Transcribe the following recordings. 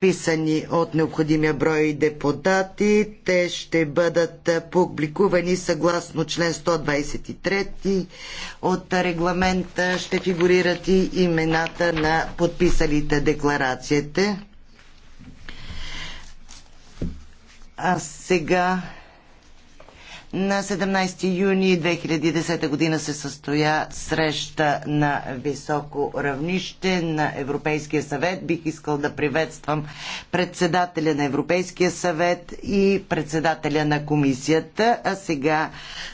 подписани от необходимия брой депутати. Те ще бъдат публикувани съгласно член 123 от регламента. Ще фигурират и имената на подписалите декларациите. А сега на 17 юни 2010 година се състоя среща на високо равнище на Европейския съвет. Бих искал да приветствам председателя на Европейския съвет и председателя на комисията. А сега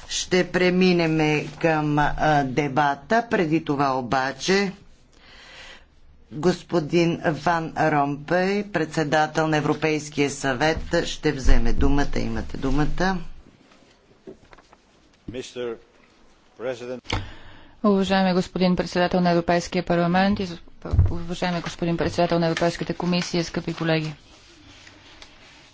ще преминем към дебата. Преди това обаче господин Ван Ромпей, председател на Европейския съвет, ще вземе думата. Имате думата. Уважаеми господин председател на Европейския парламент уважаеми господин председател на Европейската комисия, скъпи колеги.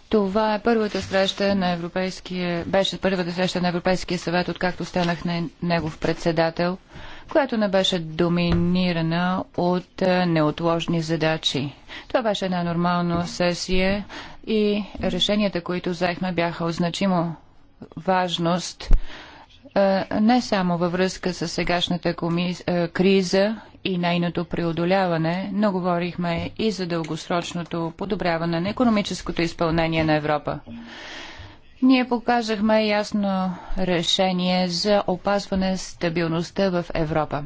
Това е първата среща на Европейския, беше първата среща на Европейския съвет, откакто станах на негов председател, която не беше доминирана от е, неотложни задачи. Това беше една нормална сесия и решенията, които взехме, бяха от значимо важност е, не само във връзка с сегашната е, криза и нейното преодоляване, но говорихме и за дългосрочното подобряване на економическото изпълнение на Европа. Ние покажахме ясно решение за опазване стабилността в Европа.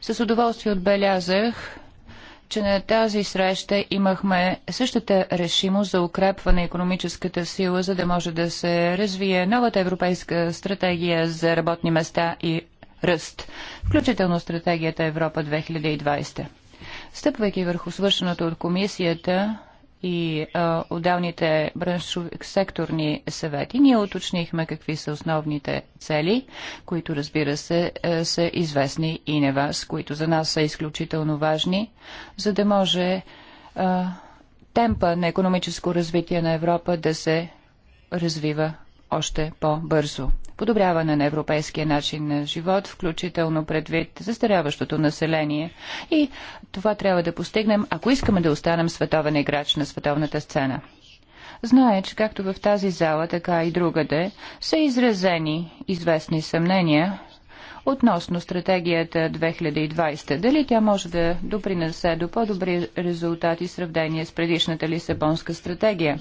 С удоволствие отбелязах че на тази среща имахме същата решимост за укрепване на економическата сила, за да може да се развие новата европейска стратегия за работни места и ръст, включително стратегията Европа 2020. Стъпвайки върху свършеното от комисията, и а, отделните браншови секторни съвети. Ние уточнихме какви са основните цели, които разбира се а, е, са известни и не вас, които за нас са изключително важни, за да може а, темпа на економическо развитие на Европа да се развива още по-бързо. Подобряване на европейския начин на живот, включително предвид застаряващото население. И това трябва да постигнем, ако искаме да останем световен играч на световната сцена знае, че както в тази зала, така и другаде са изразени известни съмнения относно стратегията 2020. Дали тя може да допринесе до по-добри резултати в сравнение с предишната Лисабонска стратегия?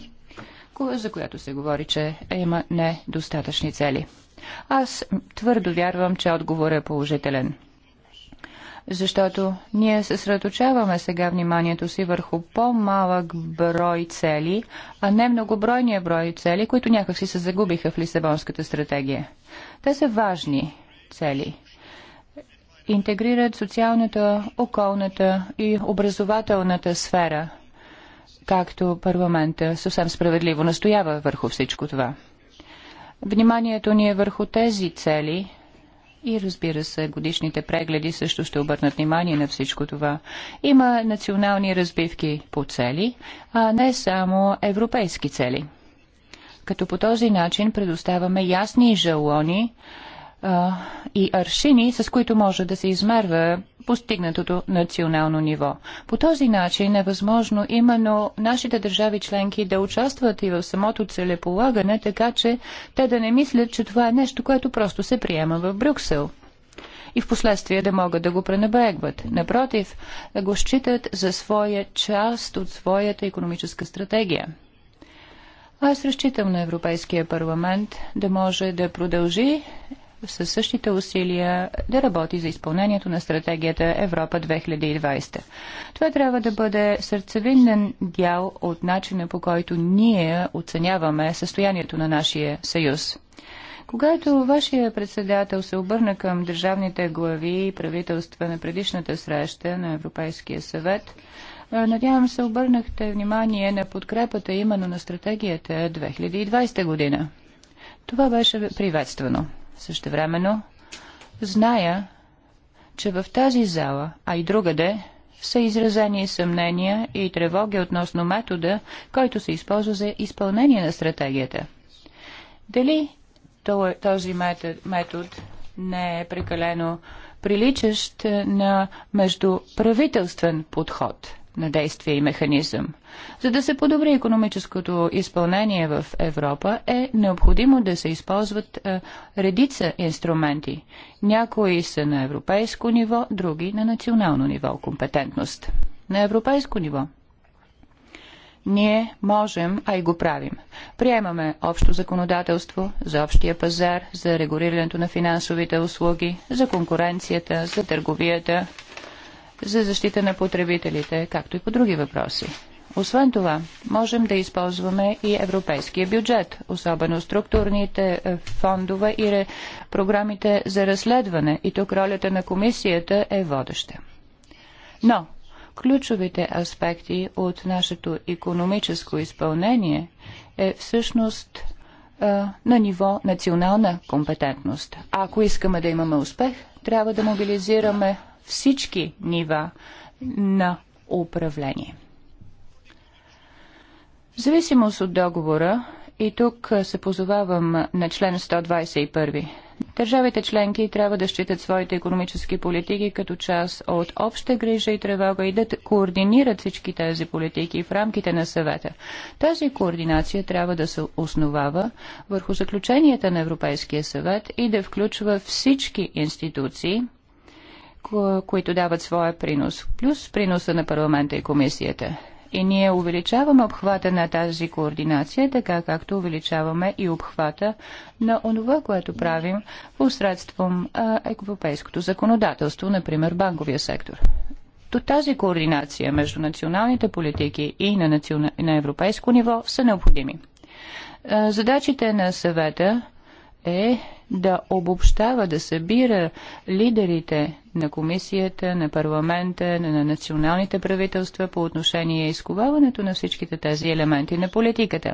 за която се говори, че има недостатъчни цели. Аз твърдо вярвам, че отговорът е положителен. Защото ние съсредоточаваме сега вниманието си върху по-малък брой цели, а не многобройния брой цели, които някакси се загубиха в Лисабонската стратегия. Те са важни цели. Интегрират социалната, околната и образователната сфера – както парламента съвсем справедливо настоява върху всичко това. Вниманието ни е върху тези цели и разбира се, годишните прегледи също ще обърнат внимание на всичко това. Има национални разбивки по цели, а не само европейски цели. Като по този начин предоставяме ясни жалони а, и аршини, с които може да се измерва постигнатото национално ниво. По този начин е възможно именно нашите държави членки да участват и в самото целеполагане, така че те да не мислят, че това е нещо, което просто се приема в Брюксел и в последствие да могат да го пренебрегват. Напротив, да го считат за своя част от своята економическа стратегия. Аз разчитам на Европейския парламент да може да продължи със същите усилия да работи за изпълнението на стратегията Европа 2020. Това трябва да бъде сърцевинен дял от начина по който ние оценяваме състоянието на нашия съюз. Когато вашия председател се обърна към държавните глави и правителства на предишната среща на Европейския съвет, надявам се обърнахте внимание на подкрепата именно на стратегията 2020 година. Това беше приветствено. Същевременно зная, че в тази зала, а и другаде, са изразени съмнения и тревоги относно метода, който се използва за изпълнение на стратегията. Дали този метод не е прекалено приличащ на междуправителствен подход – на действие и механизъм. За да се подобри економическото изпълнение в Европа, е необходимо да се използват е, редица инструменти. Някои са на европейско ниво, други на национално ниво компетентност. На европейско ниво ние можем, а и го правим. Приемаме общо законодателство за общия пазар, за регулирането на финансовите услуги, за конкуренцията, за търговията, за защита на потребителите, както и по други въпроси. Освен това, можем да използваме и европейския бюджет, особено структурните е, фондове и програмите за разследване. И тук ролята на комисията е водеща. Но ключовите аспекти от нашето економическо изпълнение е всъщност е, на ниво национална компетентност. ако искаме да имаме успех, трябва да мобилизираме всички нива на управление. В зависимост от договора, и тук се позовавам на член 121. Държавите членки трябва да считат своите економически политики като част от обща грижа и тревога и да координират всички тези политики в рамките на съвета. Тази координация трябва да се основава върху заключенията на Европейския съвет и да включва всички институции – които дават своя принос, плюс приноса на парламента и комисията. И ние увеличаваме обхвата на тази координация, така както увеличаваме и обхвата на онова, което правим посредством европейското законодателство, например банковия сектор. То тази координация между националните политики и на, национа... на европейско ниво са необходими. Задачите на съвета е да обобщава, да събира лидерите на комисията, на парламента, на националните правителства по отношение изковаването на всичките тези елементи на политиката.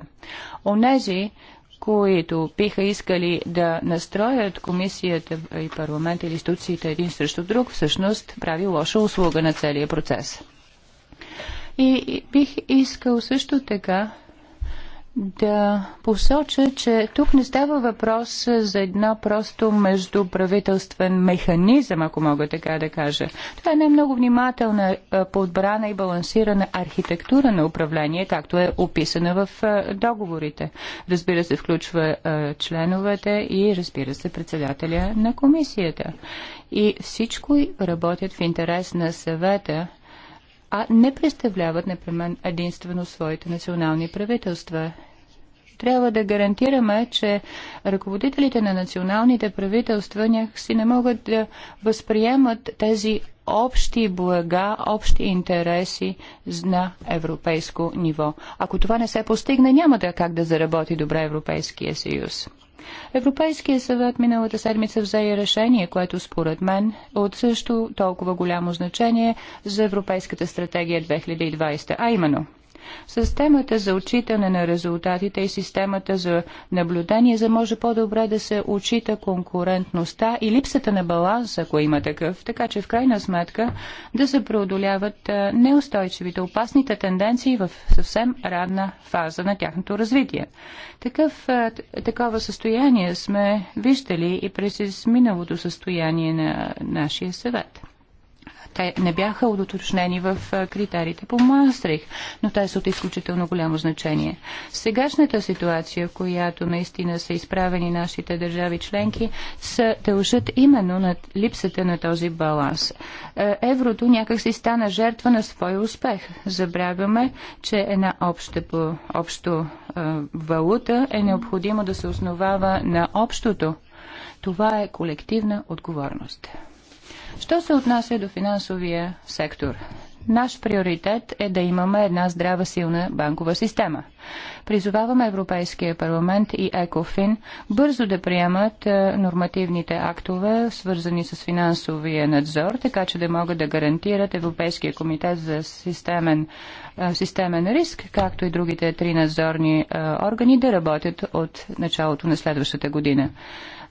Онези, които биха искали да настроят комисията и парламент или институциите един срещу друг, всъщност прави лоша услуга на целия процес. И бих искал също така да посоча, че тук не става въпрос за едно просто междуправителствен механизъм, ако мога така да кажа. Това е една много внимателна, е, подбрана и балансирана архитектура на управление, както е описана в е, договорите. Разбира се, включва е, членовете и разбира се председателя на комисията. И всичко работят в интерес на съвета а не представляват непременно единствено своите национални правителства. Трябва да гарантираме, че ръководителите на националните правителства някакси не могат да възприемат тези общи блага, общи интереси на европейско ниво. Ако това не се постигне, няма да е как да заработи добре Европейския съюз. Европейския съвет миналата седмица взе и решение, което според мен е от също толкова голямо значение за Европейската стратегия 2020, а именно – Системата за отчитане на резултатите и системата за наблюдение, за може по-добре да се отчита конкурентността и липсата на баланс, ако има такъв, така че в крайна сметка да се преодоляват неустойчивите, опасните тенденции в съвсем ранна фаза на тяхното развитие. Такъв, такова състояние сме виждали и през изминалото състояние на нашия съвет. Те не бяха удоточнени в критериите по Маастрих, но те са от изключително голямо значение. Сегашната ситуация, в която наистина са изправени нашите държави членки, се дължат именно на липсата на този баланс. Е, еврото някак си стана жертва на своя успех. Забравяме, че една обща, общо е, валута е необходимо да се основава на общото. Това е колективна отговорност. Що се отнася до финансовия сектор? Наш приоритет е да имаме една здрава, силна банкова система. Призоваваме Европейския парламент и ЕКОФИН бързо да приемат е, нормативните актове, свързани с финансовия надзор, така че да могат да гарантират Европейския комитет за системен, е, системен риск, както и другите три надзорни е, органи да работят от началото на следващата година.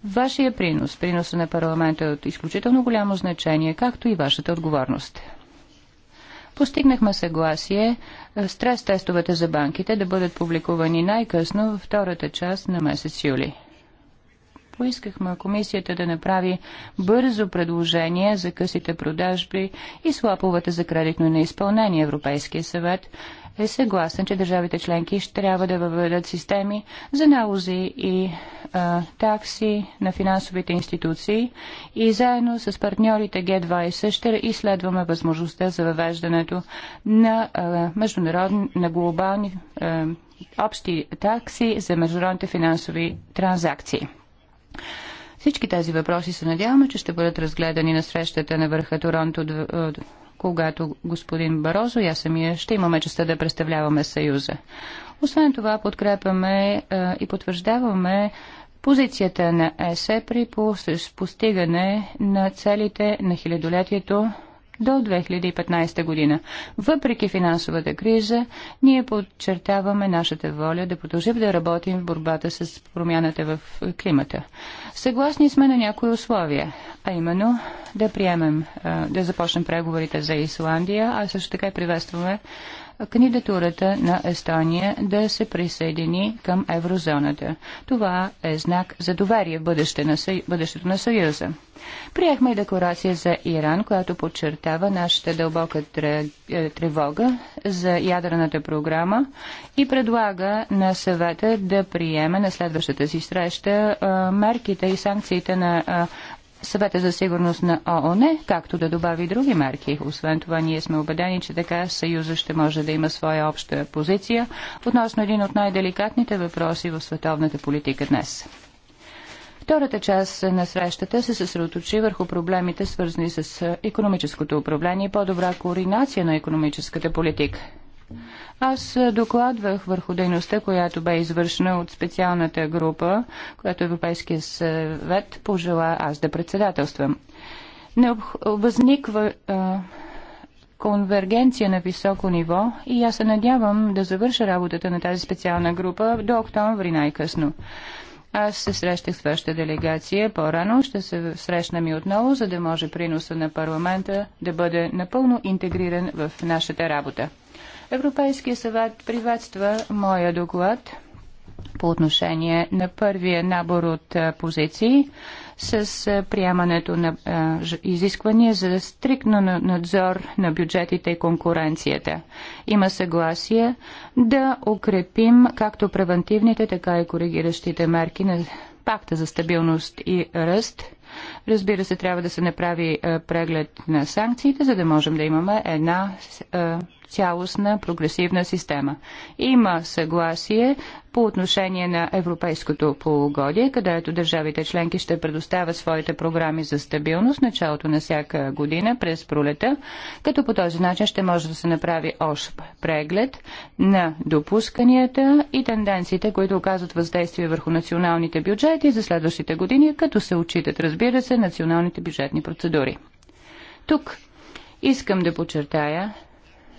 Вашия принос, приноса на парламента е от изключително голямо значение, както и вашата отговорност. Постигнахме съгласие е, стрес-тестовете за банките да бъдат публикувани най-късно във втората част на месец юли. Поискахме комисията да направи бързо предложение за късите продажби и слаповете за кредитно неизпълнение Европейския съвет е съгласен, че държавите членки ще трябва да въведат системи за налози и а, такси на финансовите институции и заедно с партньорите G20 ще изследваме възможността за въвеждането на, а, международни, на глобални а, общи такси за международните финансови транзакции. Всички тези въпроси се надяваме, че ще бъдат разгледани на срещата на върха Торонто когато господин Барозо и аз самия ще имаме честа да представляваме Съюза. Освен това, подкрепяме е, и потвърждаваме позицията на ЕСЕ при постигане на целите на хилядолетието до 2015 година. Въпреки финансовата криза, ние подчертаваме нашата воля да продължим да работим в борбата с промяната в климата. Съгласни сме на някои условия, а именно да приемем, да започнем преговорите за Исландия, а също така и приветстваме кандидатурата на Естония да се присъедини към еврозоната. Това е знак за доверие в бъдеще на съ... бъдещето на Съюза. Приехме и декларация за Иран, която подчертава нашата дълбока е, тревога за ядрената програма и предлага на съвета да приеме на следващата си среща е, мерките и санкциите на е, съвета за сигурност на ООН, както да добави други мерки. Освен това, ние сме убедени, че така Съюза ще може да има своя обща позиция относно един от най-деликатните въпроси в световната политика днес. Втората част на срещата се съсредоточи върху проблемите, свързани с економическото управление и по-добра координация на економическата политика. Аз докладвах върху дейността, която бе извършена от специалната група, която Европейския съвет пожела аз да председателствам. Не възниква конвергенция на високо ниво и аз се надявам да завърша работата на тази специална група до октомври най-късно. Аз се срещах с вашата делегация по-рано, ще се срещнем и отново, за да може приноса на парламента да бъде напълно интегриран в нашата работа. Европейския съвет приветства моя доклад по отношение на първия набор от позиции с е, приемането на е, изисквания за стриктно надзор на бюджетите и конкуренцията. Има съгласие да укрепим както превентивните, така и коригиращите мерки на пакта за стабилност и ръст. Разбира се, трябва да се направи е, преглед на санкциите, за да можем да имаме една цялостна прогресивна система. Има съгласие по отношение на европейското полугодие, където държавите членки ще предоставят своите програми за стабилност началото на всяка година през пролета, като по този начин ще може да се направи още преглед на допусканията и тенденциите, които оказват въздействие върху националните бюджети за следващите години, като се отчитат, разбира се, националните бюджетни процедури. Тук искам да подчертая,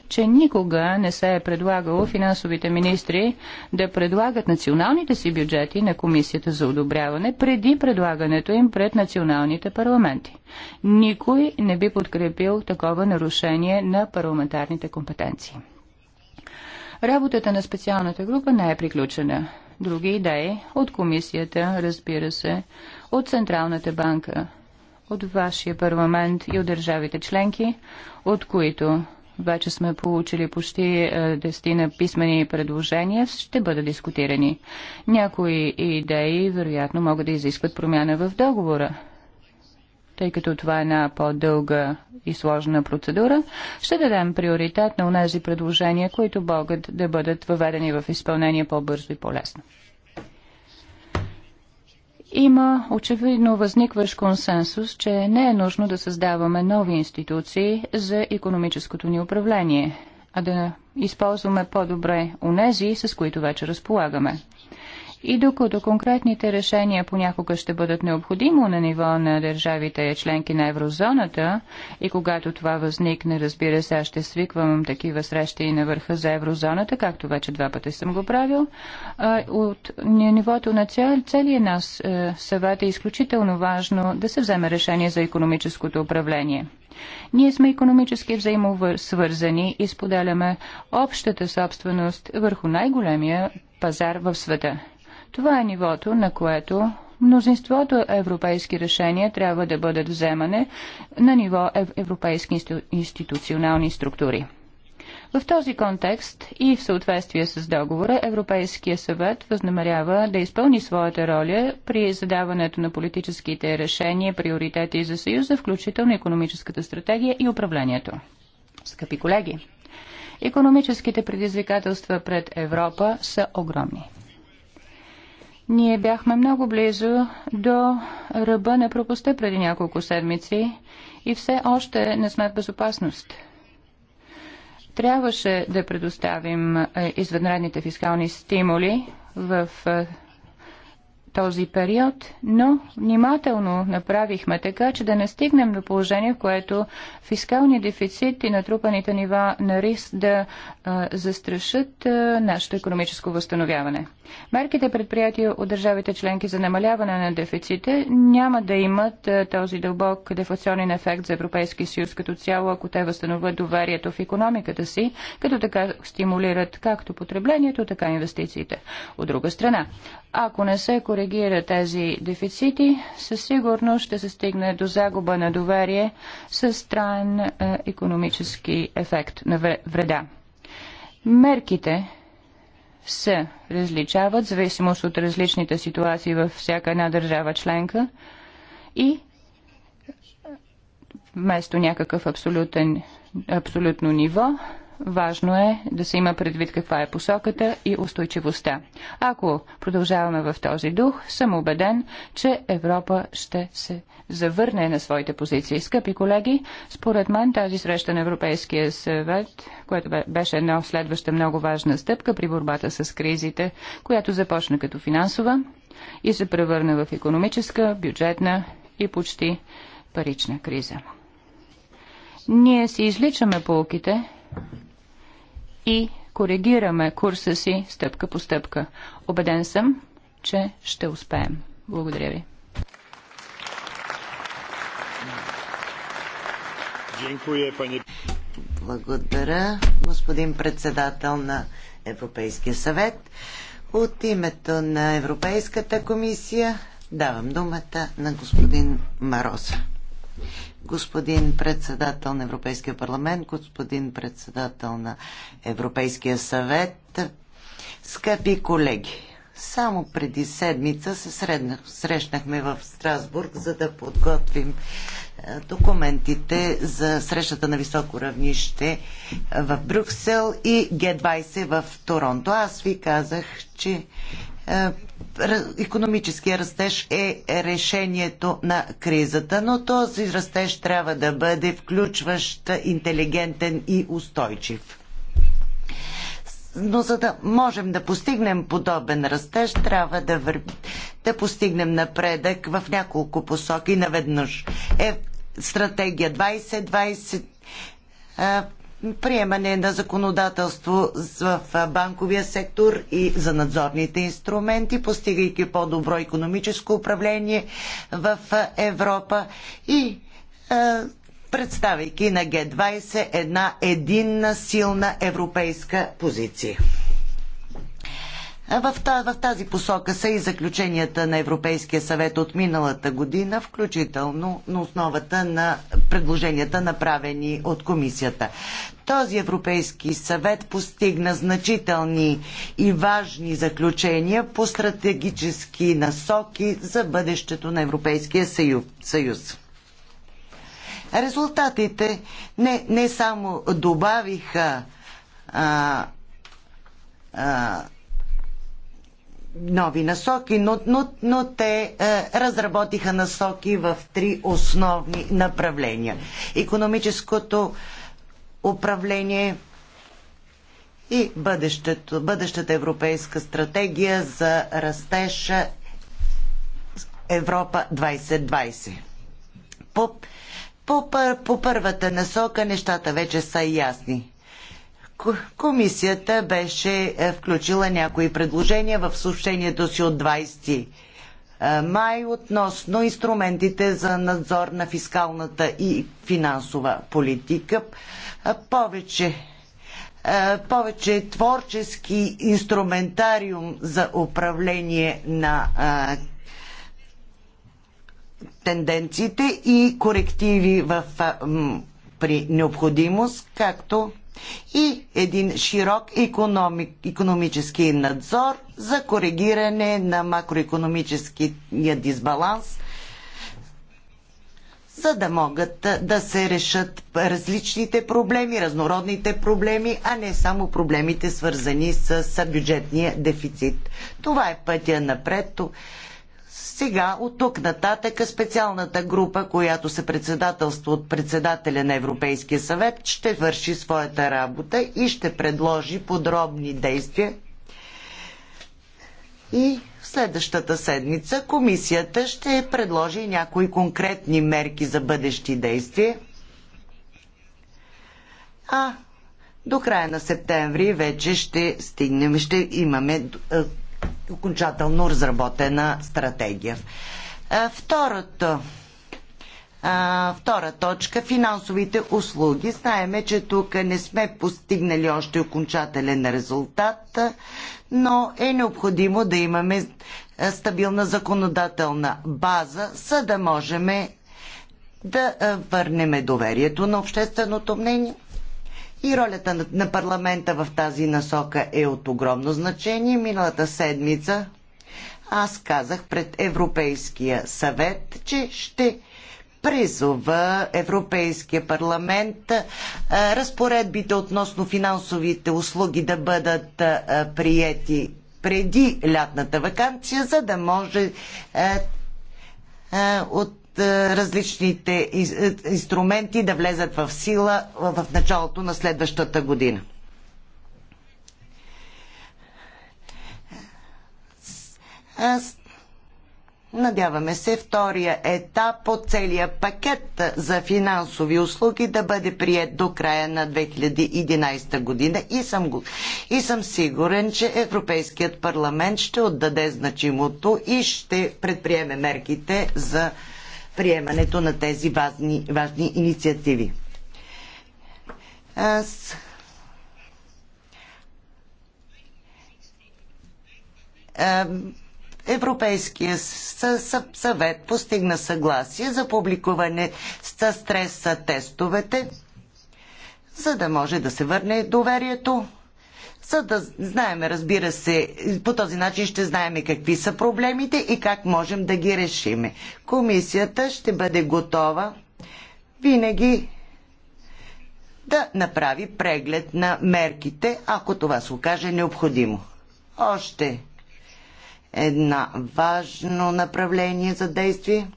че никога не се е предлагало финансовите министри да предлагат националните си бюджети на комисията за одобряване преди предлагането им пред националните парламенти. Никой не би подкрепил такова нарушение на парламентарните компетенции. Работата на специалната група не е приключена. Други идеи от комисията, разбира се, от Централната банка, от вашия парламент и от държавите членки, от които вече сме получили почти е, дестина писмени предложения, ще бъдат дискутирани. Някои идеи, вероятно, могат да изискват промяна в договора тъй като това е една по-дълга и сложна процедура, ще дадем приоритет на тези предложения, които могат да бъдат въведени в изпълнение по-бързо и по-лесно. Има очевидно възникващ консенсус, че не е нужно да създаваме нови институции за економическото ни управление, а да използваме по-добре унези, с които вече разполагаме. И докато конкретните решения понякога ще бъдат необходимо на ниво на държавите членки на еврозоната, и когато това възникне, разбира се, аз ще свиквам такива срещи и на върха за еврозоната, както вече два пъти съм го правил, от нивото на цял, целият нас е, съвет е изключително важно да се вземе решение за економическото управление. Ние сме економически взаимосвързани и споделяме общата собственост върху най-големия пазар в света. Това е нивото, на което мнозинството европейски решения трябва да бъдат вземане на ниво европейски институционални структури. В този контекст и в съответствие с договора Европейския съвет възнамерява да изпълни своята роля при задаването на политическите решения, приоритети за Съюза, включително економическата стратегия и управлението. Скъпи колеги, економическите предизвикателства пред Европа са огромни. Ние бяхме много близо до ръба на пропуста преди няколко седмици и все още не сме в безопасност. Трябваше да предоставим е, извънредните фискални стимули в е, този период, но внимателно направихме така, че да не стигнем до положение, в което фискалния дефицит и натрупаните нива на риск да а, застрашат а, нашето економическо възстановяване. Мерките предприятия от държавите членки за намаляване на дефиците няма да имат а, този дълбок дефлационен ефект за Европейски съюз като цяло, ако те възстановят доверието в економиката си, като така стимулират както потреблението, така и инвестициите. От друга страна, ако не се коригират коригира тези дефицити, със сигурност ще се стигне до загуба на доверие с траен економически ефект на вреда. Мерките се различават в зависимост от различните ситуации във всяка една държава членка и е, вместо някакъв абсолютен, абсолютно ниво, Важно е да се има предвид каква е посоката и устойчивостта. Ако продължаваме в този дух, съм убеден, че Европа ще се завърне на своите позиции. Скъпи колеги, според мен тази среща на Европейския съвет, което беше една следваща много важна стъпка при борбата с кризите, която започна като финансова и се превърна в економическа, бюджетна и почти парична криза. Ние си изличаме полките и коригираме курса си стъпка по стъпка. Обеден съм, че ще успеем. Благодаря ви. Благодаря, господин председател на Европейския съвет. От името на Европейската комисия давам думата на господин Мароза господин председател на Европейския парламент, господин председател на Европейския съвет, скъпи колеги. Само преди седмица се среднах, срещнахме в Страсбург, за да подготвим е, документите за срещата на високо равнище е, в Брюксел и Г20 в Торонто. Аз ви казах, че е, економическия растеж е решението на кризата, но този растеж трябва да бъде включващ, интелигентен и устойчив. Но за да можем да постигнем подобен растеж, трябва да, вър... да постигнем напредък в няколко посоки наведнъж. Е, стратегия 2020, 20, приемане на законодателство в банковия сектор и за надзорните инструменти, постигайки по-добро економическо управление в Европа и представяйки на Г20 една единна силна европейска позиция. В тази посока са и заключенията на Европейския съвет от миналата година, включително на основата на предложенията, направени от комисията. Този Европейски съвет постигна значителни и важни заключения по стратегически насоки за бъдещето на Европейския съюз. Резултатите не, не само добавиха а, а, нови насоки, но, но, но те е, разработиха насоки в три основни направления. Економическото управление и бъдещето, бъдещата европейска стратегия за растеж е, Европа 2020. По, по, по първата насока нещата вече са ясни Комисията беше е, включила някои предложения в съобщението си от 20 е, май относно инструментите за надзор на фискалната и финансова политика. Е, повече повече творчески инструментариум за управление на а, тенденциите и корективи в, а, при необходимост, както и един широк економик, економически надзор за коригиране на макроекономическия дисбаланс, за да могат да се решат различните проблеми, разнородните проблеми, а не само проблемите свързани с бюджетния дефицит. Това е пътя напред. Сега, от тук нататък, специалната група, която се председателства от председателя на Европейския съвет, ще върши своята работа и ще предложи подробни действия. И в следващата седмица комисията ще предложи някои конкретни мерки за бъдещи действия. А до края на септември вече ще стигнем, ще имаме е, окончателно разработена стратегия. Второто втора точка финансовите услуги. Знаеме, че тук не сме постигнали още окончателен резултат, но е необходимо да имаме стабилна законодателна база, за да можем да върнем доверието на общественото мнение и ролята на парламента в тази насока е от огромно значение. Миналата седмица аз казах пред Европейския съвет, че ще призова Европейския парламент разпоредбите относно финансовите услуги да бъдат приети преди лятната вакансия, за да може от е, различните е, инструменти да влезат в сила е, в началото на следващата година. Аз Надяваме се втория етап от целия пакет за финансови услуги да бъде прият до края на 2011 година и съм, го, и съм сигурен, че Европейският парламент ще отдаде значимото и ще предприеме мерките за приемането на тези важни, важни инициативи. Аз... Европейския съвет постигна съгласие за публикуване с стреса тестовете, за да може да се върне доверието за да знаем, разбира се, по този начин ще знаем какви са проблемите и как можем да ги решиме. Комисията ще бъде готова винаги да направи преглед на мерките, ако това се окаже необходимо. Още една важно направление за действие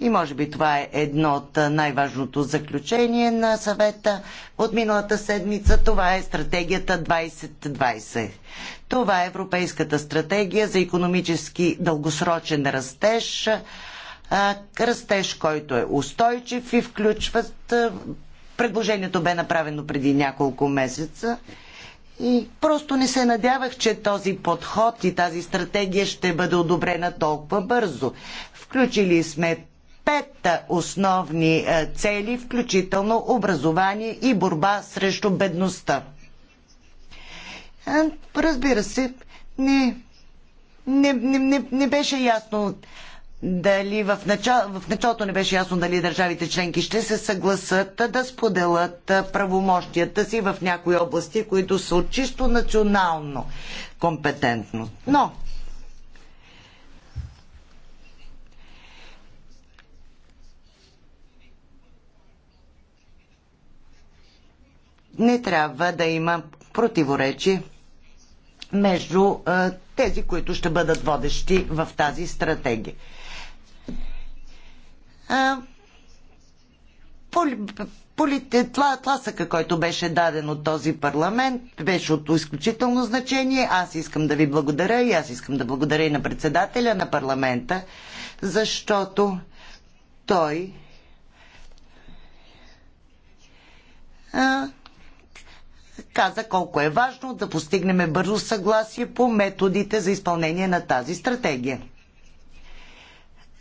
и може би това е едно от най-важното заключение на съвета от миналата седмица. Това е стратегията 2020. Това е Европейската стратегия за економически дългосрочен растеж. Растеж, който е устойчив и включват. Предложението бе направено преди няколко месеца. И просто не се надявах, че този подход и тази стратегия ще бъде одобрена толкова бързо. Включили сме пет основни е, цели, включително образование и борба срещу бедността. Е, разбира се, не, не, не, не, не беше ясно дали в, начало, в началото не беше ясно дали държавите членки ще се съгласат да споделят е, правомощията си в някои области, които са от чисто национално компетентно. Но не трябва да има противоречие между тези, които ще бъдат водещи в тази стратегия. Полите, тласъка, който беше даден от този парламент, беше от изключително значение. Аз искам да ви благодаря и аз искам да благодаря и на председателя на парламента, защото той а, каза колко е важно да постигнем бързо съгласие по методите за изпълнение на тази стратегия.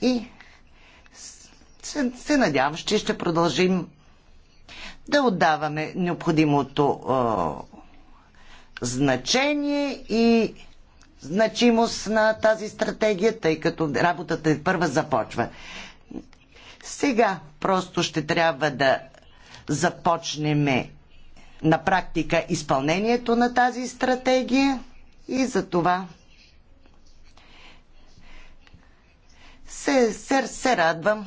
И се, се надявам, че ще продължим да отдаваме необходимото е, значение и значимост на тази стратегия, тъй като работата е първа започва. Сега просто ще трябва да започнем на практика изпълнението на тази стратегия и за това се, се, се радвам,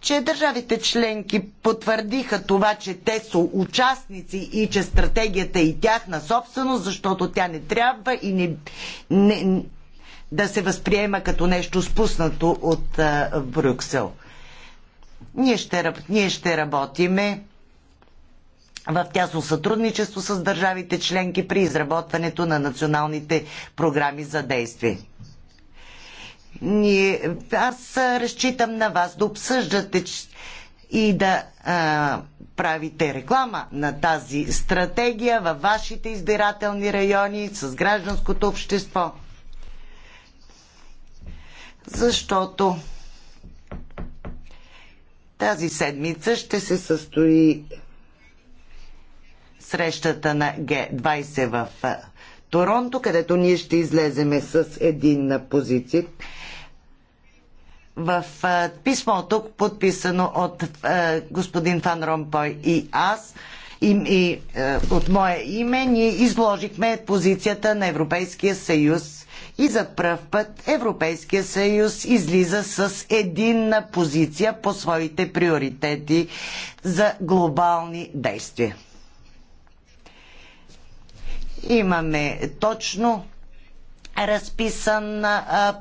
че държавите членки потвърдиха това, че те са участници и че стратегията е и тяхна собственост, защото тя не трябва и не, не, да се възприема като нещо спуснато от а, Брюксел. Ние ще, ние ще работиме в тясно сътрудничество с държавите членки при изработването на националните програми за действие. Ние, аз разчитам на вас да обсъждате и да а, правите реклама на тази стратегия във вашите избирателни райони с гражданското общество. Защото тази седмица ще се състои срещата на Г20 в Торонто, където ние ще излеземе с единна позиция. В писмото, подписано от господин Фан Ромпой и аз, и, и от мое име, ние изложихме позицията на Европейския съюз и за пръв път Европейския съюз излиза с единна позиция по своите приоритети за глобални действия. Имаме точно разписан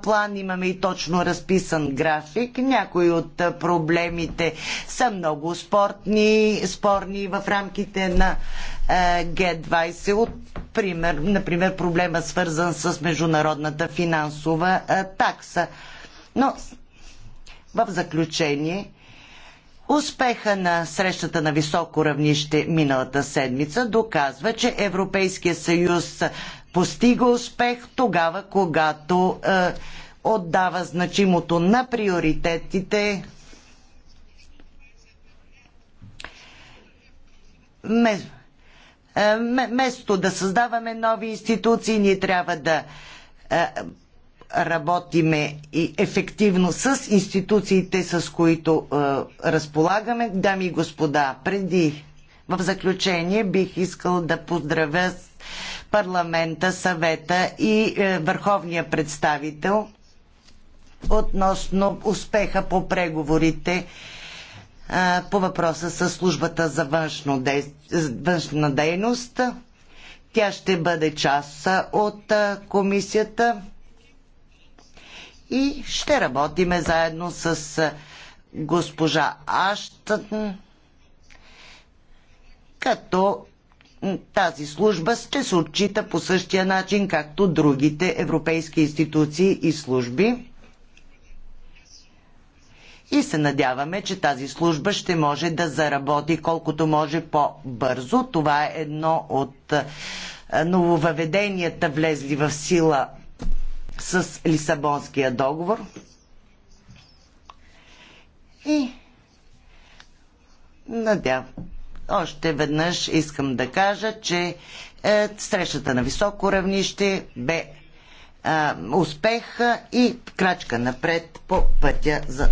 план, имаме и точно разписан график. Някои от проблемите са много спортни, спорни в рамките на g 20 От, пример, например, проблема свързан с международната финансова такса. Но в заключение Успеха на срещата на високо равнище миналата седмица доказва, че Европейския съюз постига успех тогава, когато е, отдава значимото на приоритетите е, Место да създаваме нови институции, ние трябва да е, работиме и ефективно с институциите, с които е, разполагаме. Дами и господа, преди в заключение бих искал да поздравя парламента, съвета и е, върховния представител относно успеха по преговорите е, по въпроса с службата за външна дейност. Тя ще бъде част е, от е, комисията и ще работиме заедно с госпожа Аштън, като тази служба ще се отчита по същия начин, както другите европейски институции и служби. И се надяваме, че тази служба ще може да заработи колкото може по-бързо. Това е едно от нововъведенията, влезли в сила с Лисабонския договор. И надявам. Още веднъж искам да кажа, че е, срещата на високо равнище бе е, успех и крачка напред по пътя за,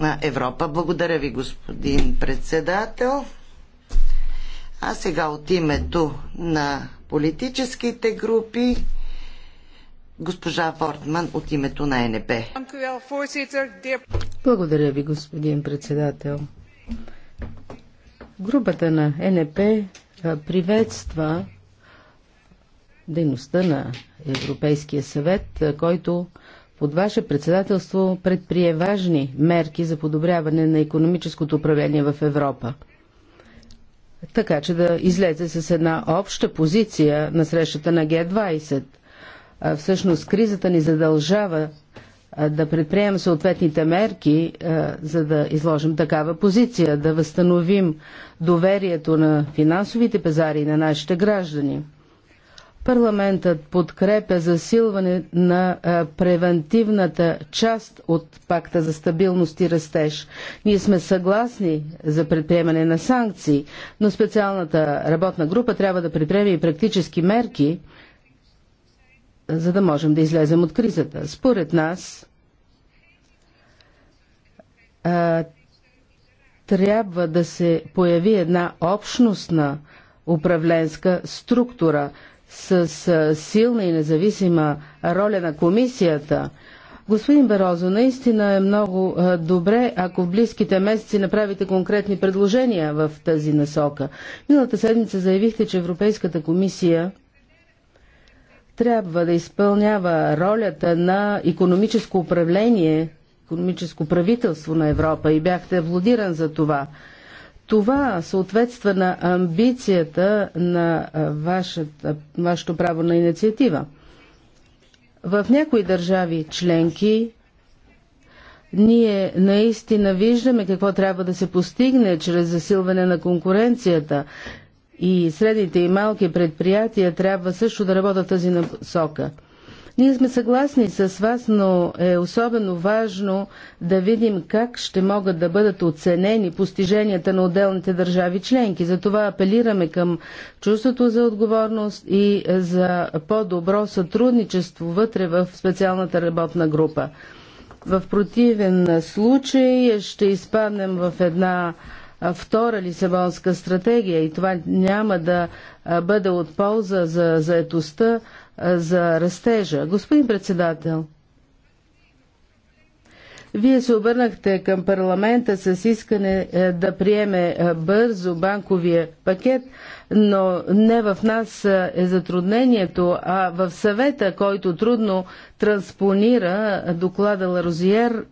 на Европа. Благодаря ви, господин председател. А сега от името на политическите групи госпожа Вордман от името на НП. Благодаря ви, господин председател. Групата на НП приветства дейността на Европейския съвет, който под ваше председателство предприе важни мерки за подобряване на економическото управление в Европа. Така че да излезе с една обща позиция на срещата на Г-20. Всъщност кризата ни задължава да предприемем съответните мерки, за да изложим такава позиция, да възстановим доверието на финансовите пазари на нашите граждани. Парламентът подкрепя засилване на превентивната част от пакта за стабилност и растеж. Ние сме съгласни за предприемане на санкции, но специалната работна група трябва да предприеме и практически мерки, за да можем да излезем от кризата. Според нас, а, трябва да се появи една общностна управленска структура с силна и независима роля на комисията. Господин Барозо, наистина е много добре, ако в близките месеци направите конкретни предложения в тази насока. Миналата седмица заявихте, че Европейската комисия трябва да изпълнява ролята на економическо управление, економическо правителство на Европа и бяхте аплодиран за това. Това съответства на амбицията на вашата, вашето право на инициатива. В някои държави членки ние наистина виждаме какво трябва да се постигне чрез засилване на конкуренцията и средните и малки предприятия трябва също да работят тази насока. Ние сме съгласни с вас, но е особено важно да видим как ще могат да бъдат оценени постиженията на отделните държави членки. Затова апелираме към чувството за отговорност и за по-добро сътрудничество вътре в специалната работна група. В противен случай ще изпаднем в една втора Лисабонска стратегия и това няма да бъде от полза за заетостта, за растежа. Господин председател, вие се обърнахте към парламента с искане е, да приеме е, бързо банковия пакет, но не в нас е, е затруднението, а в съвета, който трудно транспонира доклада Ларозиер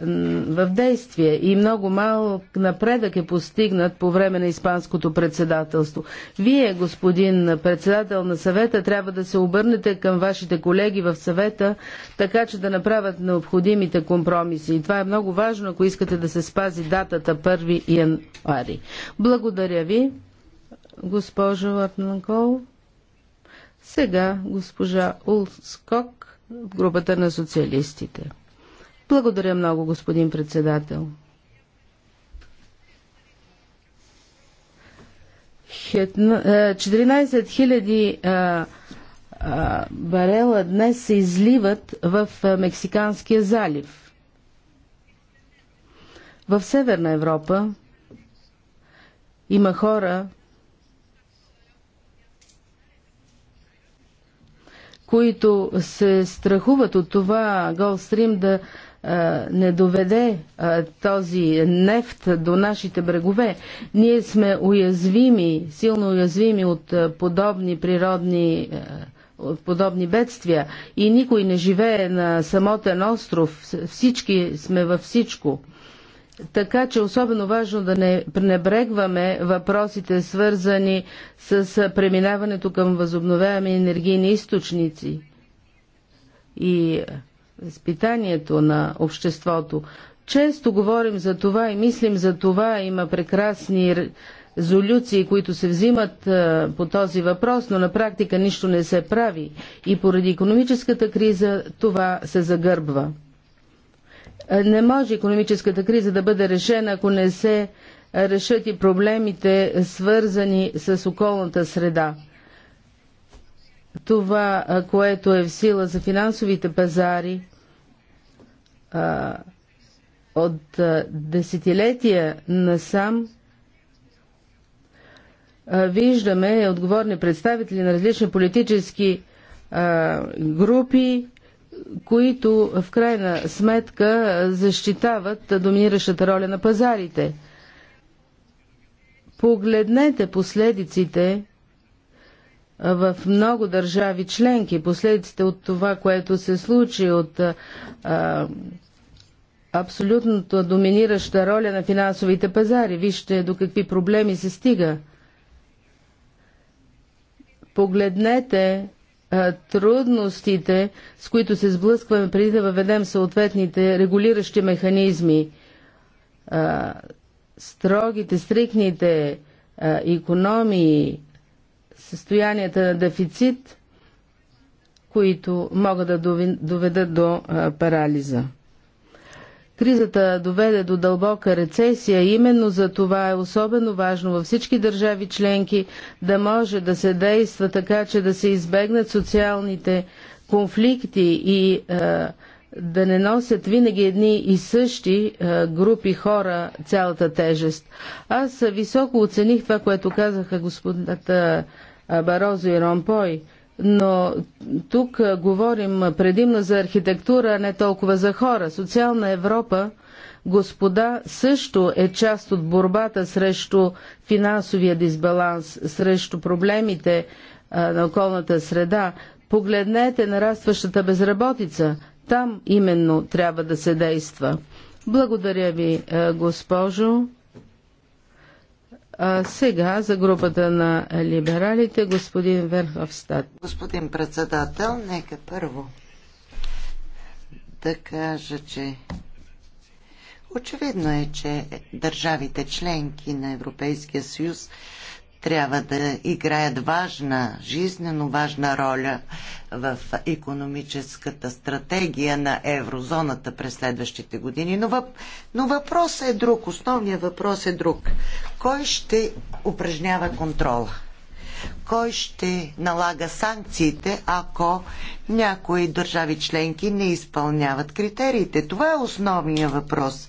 в действие и много малък напредък е постигнат по време на Испанското председателство. Вие, господин председател на съвета, трябва да се обърнете към вашите колеги в съвета, така че да направят необходимите компромиси. И това е много важно, ако искате да се спази датата 1 януари. Благодаря ви, госпожо Латнакол. Сега госпожа Улскок в групата на социалистите. Благодаря много, господин председател. Хетна, 14 000 барела днес се изливат в е, Мексиканския залив. В Северна Европа има хора, които се страхуват от това Голстрим да не доведе този нефт до нашите брегове, ние сме уязвими, силно уязвими от подобни природни от подобни бедствия и никой не живее на самотен остров, всички сме във всичко. Така че особено важно да не пренебрегваме въпросите свързани с преминаването към възобновяеми енергийни източници. И възпитанието на обществото. Често говорим за това и мислим за това. Има прекрасни резолюции, които се взимат е, по този въпрос, но на практика нищо не се прави. И поради економическата криза това се загърбва. Е, не може економическата криза да бъде решена, ако не се решат и проблемите, свързани с околната среда това, което е в сила за финансовите пазари а, от а, десетилетия насам, а, виждаме отговорни представители на различни политически а, групи, които в крайна сметка защитават доминиращата роля на пазарите. Погледнете последиците в много държави членки. Последиците от това, което се случи, от а, абсолютното доминираща роля на финансовите пазари. Вижте до какви проблеми се стига. Погледнете а, трудностите, с които се сблъскваме преди да въведем съответните регулиращи механизми. А, строгите, стрикните а, економии, състоянията на дефицит, които могат да доведат до парализа. Кризата доведе до дълбока рецесия, именно за това е особено важно във всички държави членки да може да се действа така, че да се избегнат социалните конфликти и е, да не носят винаги едни и същи е, групи хора цялата тежест. Аз високо оцених това, което казаха господата Барозо и Ромпой, но тук говорим предимно за архитектура, а не толкова за хора. Социална Европа, господа, също е част от борбата срещу финансовия дисбаланс, срещу проблемите на околната среда. Погледнете нарастващата безработица. Там именно трябва да се действа. Благодаря ви, госпожо. А сега за групата на либералите господин Верховстат. Господин председател, нека първо да кажа, че очевидно е, че държавите членки на Европейския съюз трябва да играят важна, жизнено важна роля в економическата стратегия на еврозоната през следващите години. Но, въп... Но въпросът е друг. Основният въпрос е друг. Кой ще упражнява контрола? Кой ще налага санкциите, ако някои държави членки не изпълняват критериите? Това е основният въпрос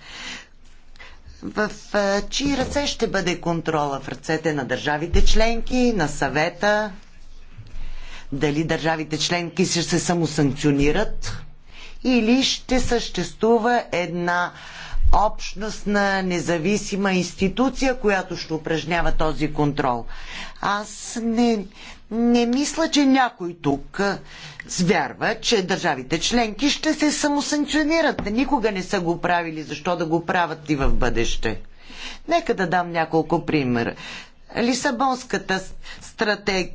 в чии ръце ще бъде контрола? В ръцете на държавите членки, на съвета? Дали държавите членки ще се самосанкционират? Или ще съществува една общностна, независима институция, която ще упражнява този контрол. Аз не, не мисля, че някой тук вярва, че държавите членки ще се самосанкционират. Никога не са го правили, защо да го правят и в бъдеще. Нека да дам няколко примера. Лисабонската стратегия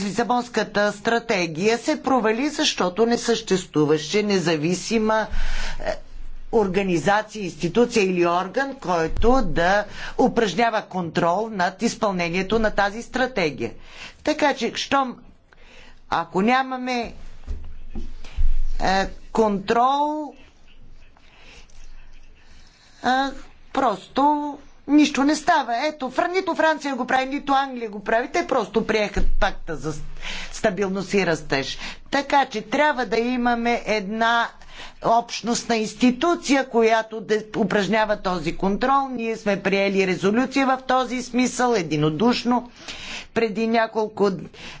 Лисабонската стратегия се провали, защото не съществуваше независима организация, институция или орган, който да упражнява контрол над изпълнението на тази стратегия. Така че, щом ако нямаме е, контрол, е, просто нищо не става. Ето, нито Франция го прави, нито Англия го прави. Те просто приеха пакта за стабилност и растеж. Така че трябва да имаме една общностна институция, която да упражнява този контрол. Ние сме приели резолюция в този смисъл единодушно. Преди няколко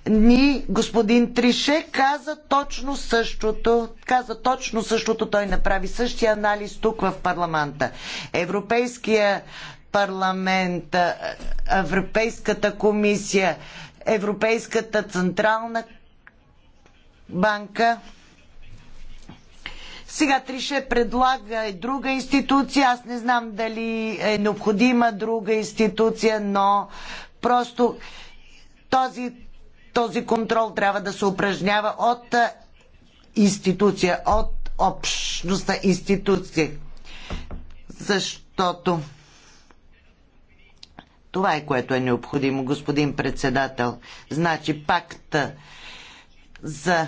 дни господин Трише каза точно същото. Каза точно същото. Той направи същия анализ тук в парламента. Европейския парламента, Европейската комисия, Европейската централна банка. Сега Трише предлага и друга институция. Аз не знам дали е необходима друга институция, но просто този, този контрол трябва да се упражнява от институция, от общността институция. Защото това е което е необходимо, господин председател. Значи пакта за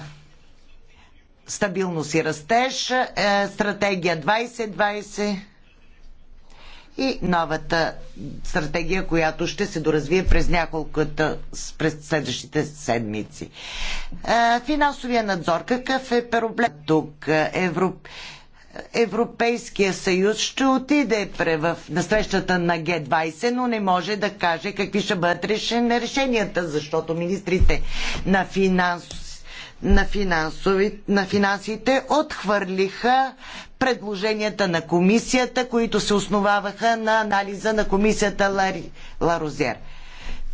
стабилност и растеж, е, стратегия 2020 и новата стратегия, която ще се доразвие през няколкото, през следващите седмици. Е, финансовия надзор, какъв е проблем тук? Е, Европ... Европейския съюз ще отиде в, на срещата на Г-20, но не може да каже какви ще бъдат решенията, защото министрите на, финанс, на, финансови, на финансите отхвърлиха предложенията на комисията, които се основаваха на анализа на комисията Ларозер. Ларозер.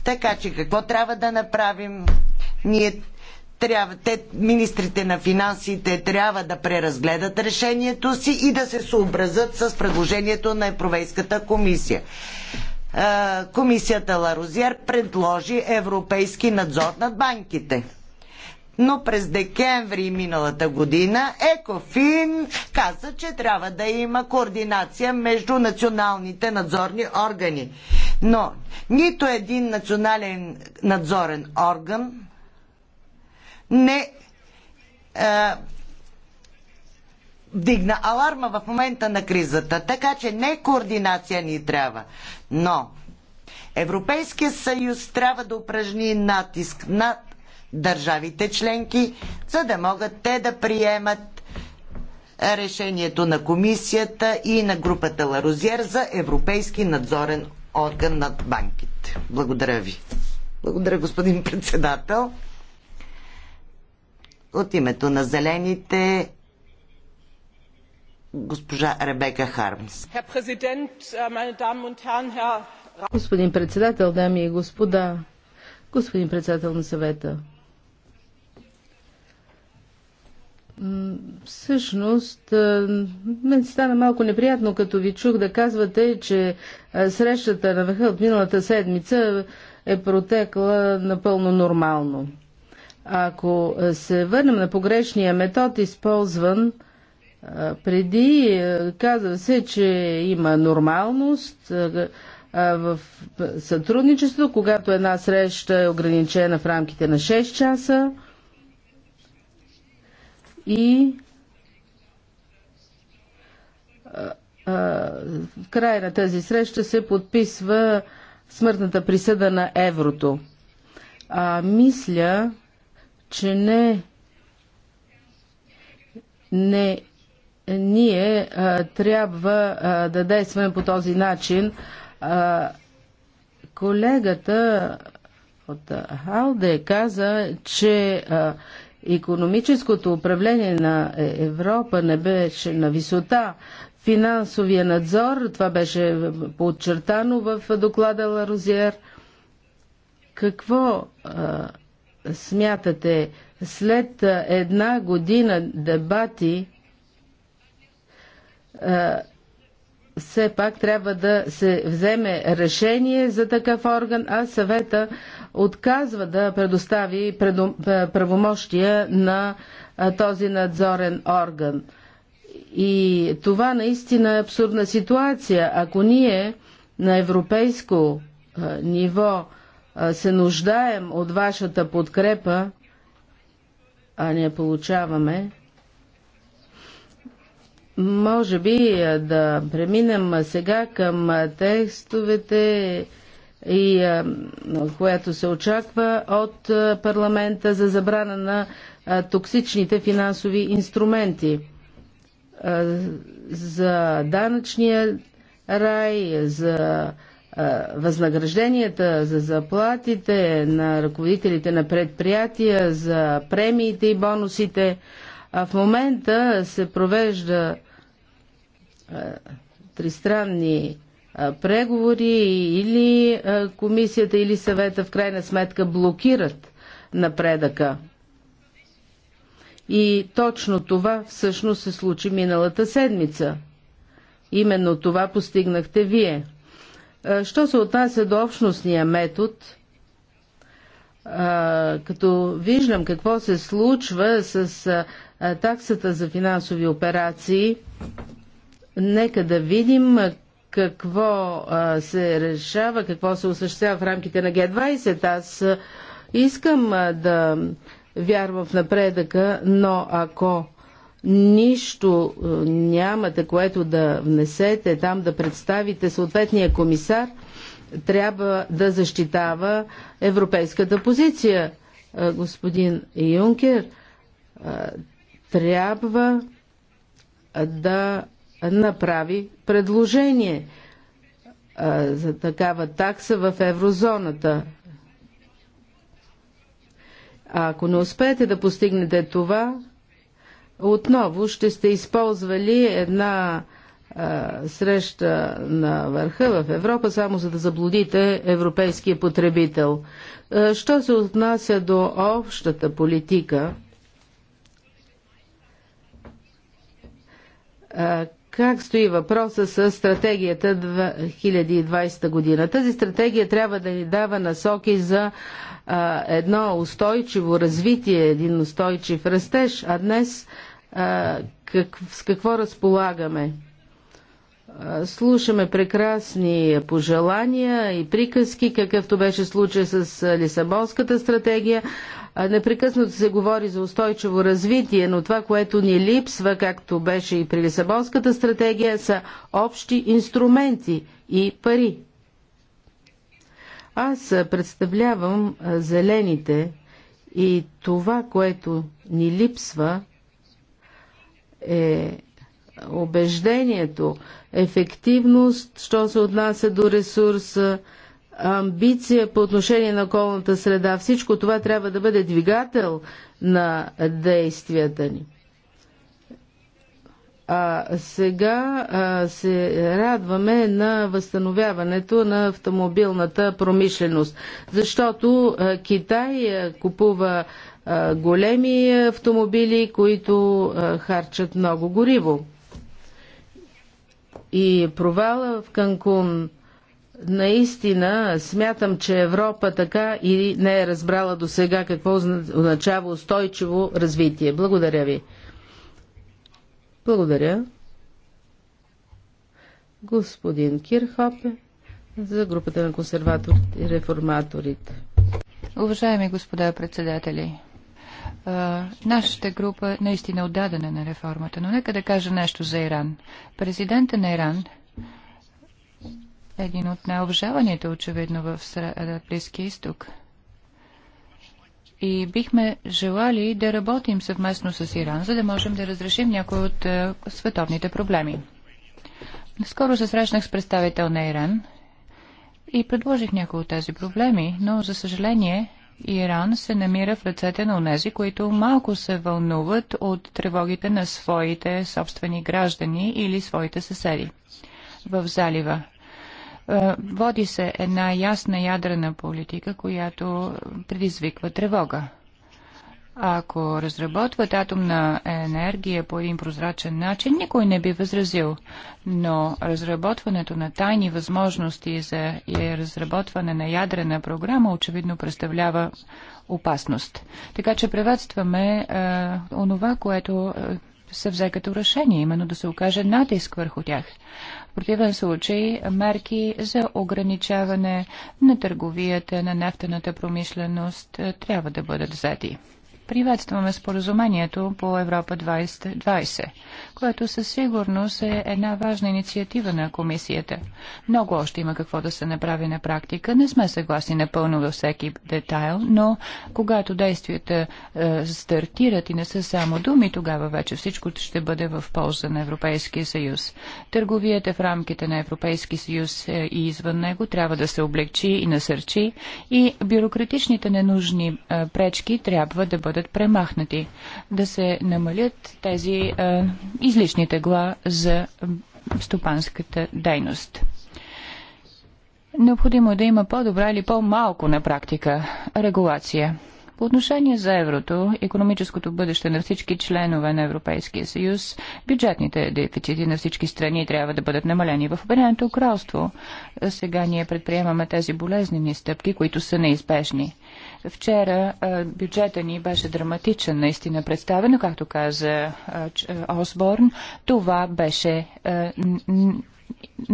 Така че какво трябва да направим? Ние трябва, те, министрите на финансите трябва да преразгледат решението си и да се съобразят с предложението на Европейската комисия. Комисията Ларозиер предложи европейски надзор над банките. Но през декември миналата година Екофин каза, че трябва да има координация между националните надзорни органи. Но нито един национален надзорен орган не а, е, дигна аларма в момента на кризата. Така че не координация ни трябва. Но Европейския съюз трябва да упражни натиск над държавите членки, за да могат те да приемат решението на комисията и на групата Ларозер за европейски надзорен орган над банките. Благодаря ви. Благодаря, господин председател. От името на зелените госпожа Ребека Хармс. Äh, господин председател, дами и господа, господин председател на съвета, Всъщност, е, мен стана малко неприятно, като ви чух да казвате, че е, срещата на върха от миналата седмица е протекла напълно нормално. Ако е, се върнем на погрешния метод, използван е, преди, е, казва се, че има нормалност в сътрудничество, когато една среща е ограничена в рамките на 6 часа и в края на тази среща се подписва смъртната присъда на еврото. А, мисля, че не, не ние а, трябва а, да действаме по този начин. А, колегата от Халде каза, че а, економическото управление на Европа не беше на висота. Финансовия надзор, това беше подчертано в доклада Ларозиер. Какво а, смятате след една година дебати все пак трябва да се вземе решение за такъв орган, а съвета отказва да предостави правомощия на този надзорен орган. И това наистина е абсурдна ситуация. Ако ние на европейско ниво се нуждаем от вашата подкрепа, а не получаваме, може би да преминем сега към текстовете и която се очаква от парламента за забрана на токсичните финансови инструменти за данъчния рай, за възнагражденията, за заплатите на ръководителите на предприятия, за премиите и бонусите. А в момента се провежда тристранни преговори или комисията или съвета в крайна сметка блокират напредъка. И точно това всъщност се случи миналата седмица. Именно това постигнахте вие. Е, що се отнася до общностния метод, е, като виждам какво се случва с е, таксата за финансови операции, нека да видим какво се решава, какво се осъществява в рамките на Г20. Аз искам да вярвам в напредъка, но ако нищо е, нямате, което да внесете там, да представите съответния комисар, трябва да защитава европейската позиция. Е, господин Юнкер е, трябва да направи предложение за такава такса в еврозоната. А ако не успеете да постигнете това, отново ще сте използвали една а, среща на върха в Европа, само за да заблудите европейския потребител. А, що се отнася до общата политика, а, как стои въпроса с стратегията 2020 година? Тази стратегия трябва да ни дава насоки за а, едно устойчиво развитие, един устойчив растеж, а днес а, как, с какво разполагаме. А, слушаме прекрасни пожелания и приказки, какъвто беше случай с Лисабонската стратегия. А, непрекъснато се говори за устойчиво развитие, но това, което ни липсва, както беше и при Лисабонската стратегия, са общи инструменти и пари. Аз представлявам зелените и това, което ни липсва, е убеждението, ефективност, що се отнася до ресурса, амбиция по отношение на околната среда. Всичко това трябва да бъде двигател на действията ни. А сега а, се радваме на възстановяването на автомобилната промишленост, защото а, Китай а, купува големи автомобили, които харчат много гориво. И провала в Канкун наистина смятам, че Европа така и не е разбрала до сега какво означава устойчиво развитие. Благодаря ви. Благодаря. Господин Кирхопе за групата на консерваторите и реформаторите. Уважаеми господа председатели, нашата група наистина отдадена на реформата. Но нека да кажа нещо за Иран. Президента на Иран е един от най-обжаваните, очевидно, в Близкия изток. И бихме желали да работим съвместно с Иран, за да можем да разрешим някои от световните проблеми. Скоро се срещнах с представител на Иран и предложих някои от тези проблеми, но за съжаление Иран се намира в ръцете на онези, които малко се вълнуват от тревогите на своите собствени граждани или своите съседи в залива. Е, води се една ясна ядрена политика, която предизвиква тревога. Ако разработват атомна енергия по един прозрачен начин, никой не би възразил. Но разработването на тайни възможности за и разработване на ядрена програма очевидно представлява опасност. Така че приветстваме е, онова, което е, се взе като решение, именно да се окаже натиск върху тях. В противен случай мерки за ограничаване на търговията на нефтената промишленост е, трябва да бъдат взети. Приветстваме споразумението по Европа 2020, което със сигурност е една важна инициатива на комисията. Много още има какво да се направи на практика. Не сме съгласни напълно във всеки детайл, но когато действията е, стартират и не са само думи, тогава вече всичко ще бъде в полза на Европейския съюз. Търговията в рамките на Европейския съюз е, и извън него трябва да се облегчи и насърчи и бюрократичните ненужни е, пречки трябва да бъдат бъдат премахнати, да се намалят тези а, излишни тегла за стопанската дейност. Необходимо е да има по-добра или по-малко на практика регулация. По отношение за еврото, економическото бъдеще на всички членове на Европейския съюз, бюджетните дефицити на всички страни трябва да бъдат намалени. В Обединеното кралство сега ние предприемаме тези болезнени стъпки, които са неизбежни. Вчера бюджета ни беше драматичен, наистина представено, както каза Осборн. Това беше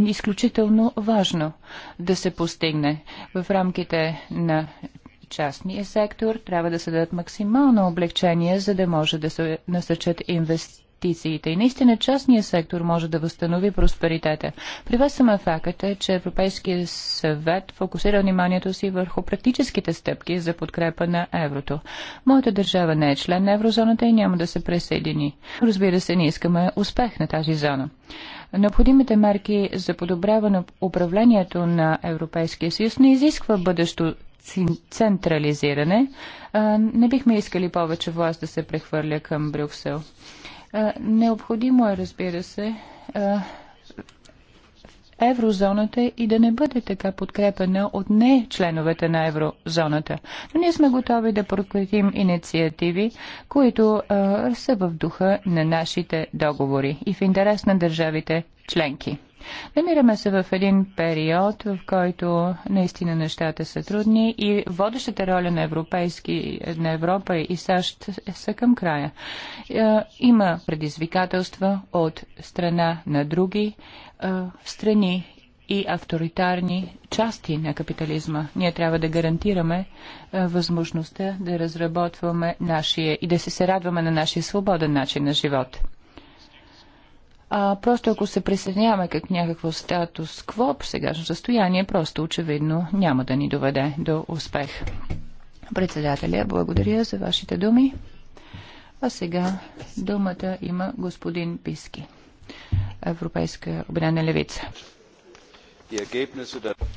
изключително важно да се постигне в рамките на частния сектор. Трябва да се дадат максимално облегчение, за да може да се насърчат инвестиции инвестициите. И наистина частният сектор може да възстанови просперитета. Приветстваме факта, че Европейския съвет фокусира вниманието си върху практическите стъпки за подкрепа на еврото. Моята държава не е член на еврозоната и няма да се присъедини. Разбира се, ние искаме успех на тази зона. Необходимите мерки за подобряване управлението на Европейския съюз не изисква бъдещо централизиране. Не бихме искали повече власт да се прехвърля към Брюксел. Необходимо е, разбира се, еврозоната и да не бъде така подкрепена от не членовете на еврозоната. Но ние сме готови да прокретим инициативи, които а, са в духа на нашите договори и в интерес на държавите членки. Намираме се в един период, в който наистина нещата са трудни и водещата роля на, европейски, на Европа и САЩ са към края. Е, има предизвикателства от страна на други е, страни и авторитарни части на капитализма. Ние трябва да гарантираме е, възможността да разработваме нашия и да се, се радваме на нашия свободен начин на живот. А просто ако се присъединяваме към някакво статус-кво, сегашно състояние, просто очевидно няма да ни доведе до успех. Председателя, благодаря за вашите думи. А сега думата има господин Писки, Европейска обедена левица.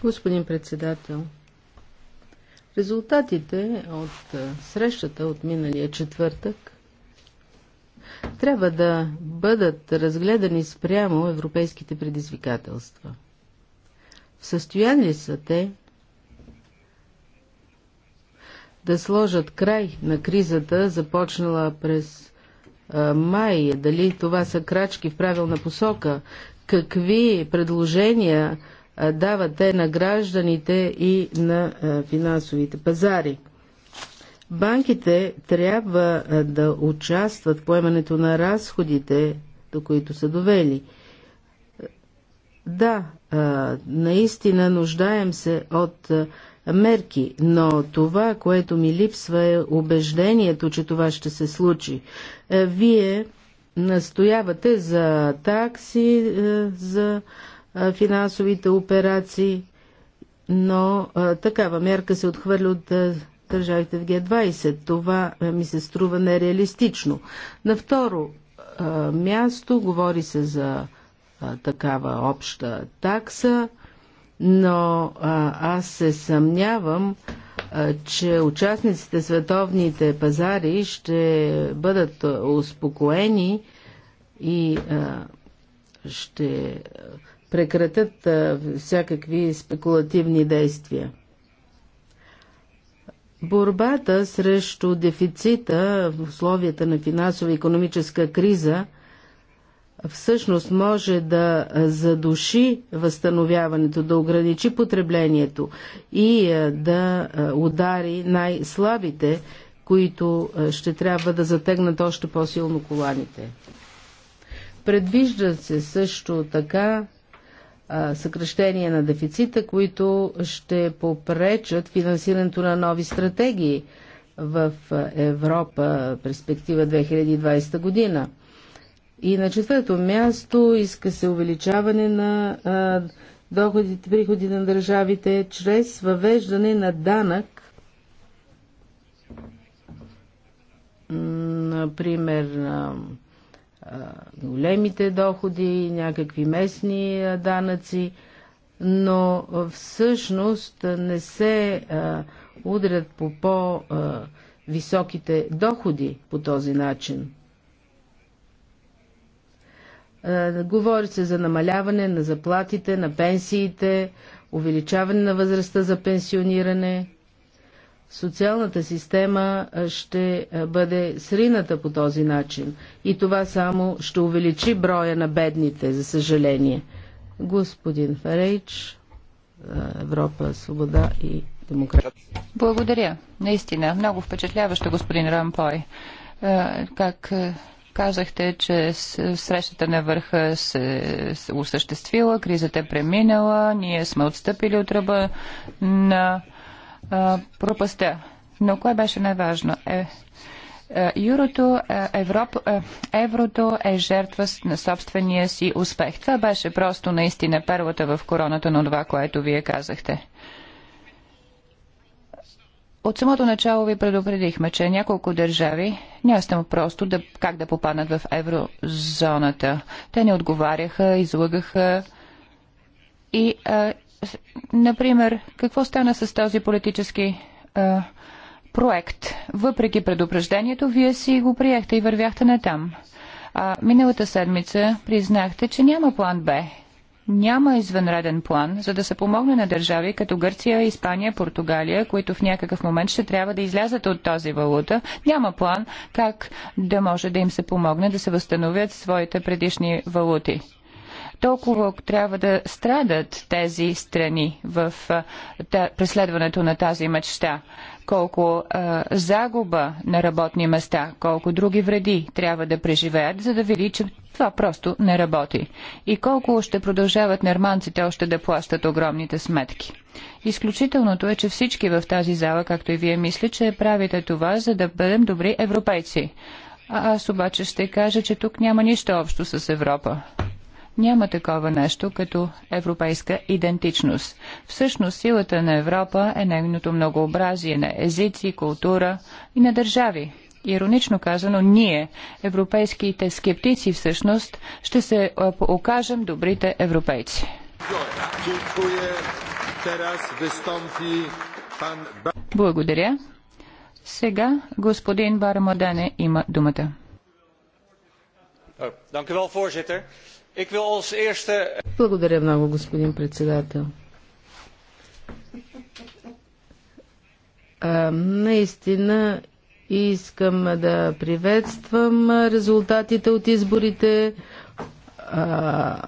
Господин председател, резултатите от срещата от миналия четвъртък трябва да бъдат разгледани спрямо европейските предизвикателства. В състояние ли са те да сложат край на кризата, започнала през а, май? Дали това са крачки в правилна посока? Какви предложения а, дават те на гражданите и на а, финансовите пазари? Банките трябва да участват в поемането на разходите, до които са довели. Да, наистина нуждаем се от мерки, но това, което ми липсва е убеждението, че това ще се случи. Вие настоявате за такси, за финансовите операции, но такава мерка се отхвърля от държавите в Г-20. Това е, ми се струва нереалистично. На второ е, място говори се за е, такава обща такса, но аз се съмнявам, че участниците в световните пазари ще бъдат успокоени и ще прекратят всякакви спекулативни действия. Борбата срещу дефицита в условията на финансова и економическа криза всъщност може да задуши възстановяването, да ограничи потреблението и е, да е, удари най-слабите, които е, ще трябва да затегнат още по-силно коланите. Предвижда се също така съкръщения на дефицита, които ще попречат финансирането на нови стратегии в Европа перспектива 2020 година. И на четвърто място иска се увеличаване на а, доходите, приходи на държавите чрез въвеждане на данък, например, големите доходи, някакви местни данъци, но всъщност не се удрят по по-високите доходи по този начин. Говори се за намаляване на заплатите, на пенсиите, увеличаване на възрастта за пенсиониране – социалната система ще бъде срината по този начин. И това само ще увеличи броя на бедните, за съжаление. Господин Фарейч, Европа, свобода и демократия. Благодаря. Наистина, много впечатляващо, господин Рампой. Как Казахте, че срещата на върха се осъществила, кризата е преминала, ние сме отстъпили от ръба на а, пропаста. Но кое беше най-важно? Е, е Юрото, е, Европ, е, еврото е жертва на собствения си успех. Това беше просто наистина първата в короната на това, което вие казахте. От самото начало ви предупредихме, че няколко държави няма просто да, как да попаднат в еврозоната. Те не отговаряха, излъгаха и а, например, какво стана с този политически а, проект? Въпреки предупреждението, вие си го приехте и вървяхте натам. А, миналата седмица признахте, че няма план Б. Няма извънреден план, за да се помогне на държави като Гърция, Испания, Португалия, които в някакъв момент ще трябва да излязат от този валута. Няма план как да може да им се помогне да се възстановят своите предишни валути толкова трябва да страдат тези страни в преследването на тази мечта колко а, загуба на работни места, колко други вреди трябва да преживеят, за да види, че това просто не работи. И колко ще продължават нерманците още да плащат огромните сметки. Изключителното е, че всички в тази зала, както и вие мисли, че правите това, за да бъдем добри европейци. А аз обаче ще кажа, че тук няма нищо общо с Европа. Няма такова нещо като европейска идентичност. Всъщност силата на Европа е нейното многообразие на езици, култура и на държави. Иронично казано, ние, европейските скептици всъщност, ще се окажем добрите европейци. Благодаря. Сега господин Барамадане има думата. Dank u wel, voorzitter. Благодаря много, господин председател. А, наистина искам да приветствам резултатите от изборите а,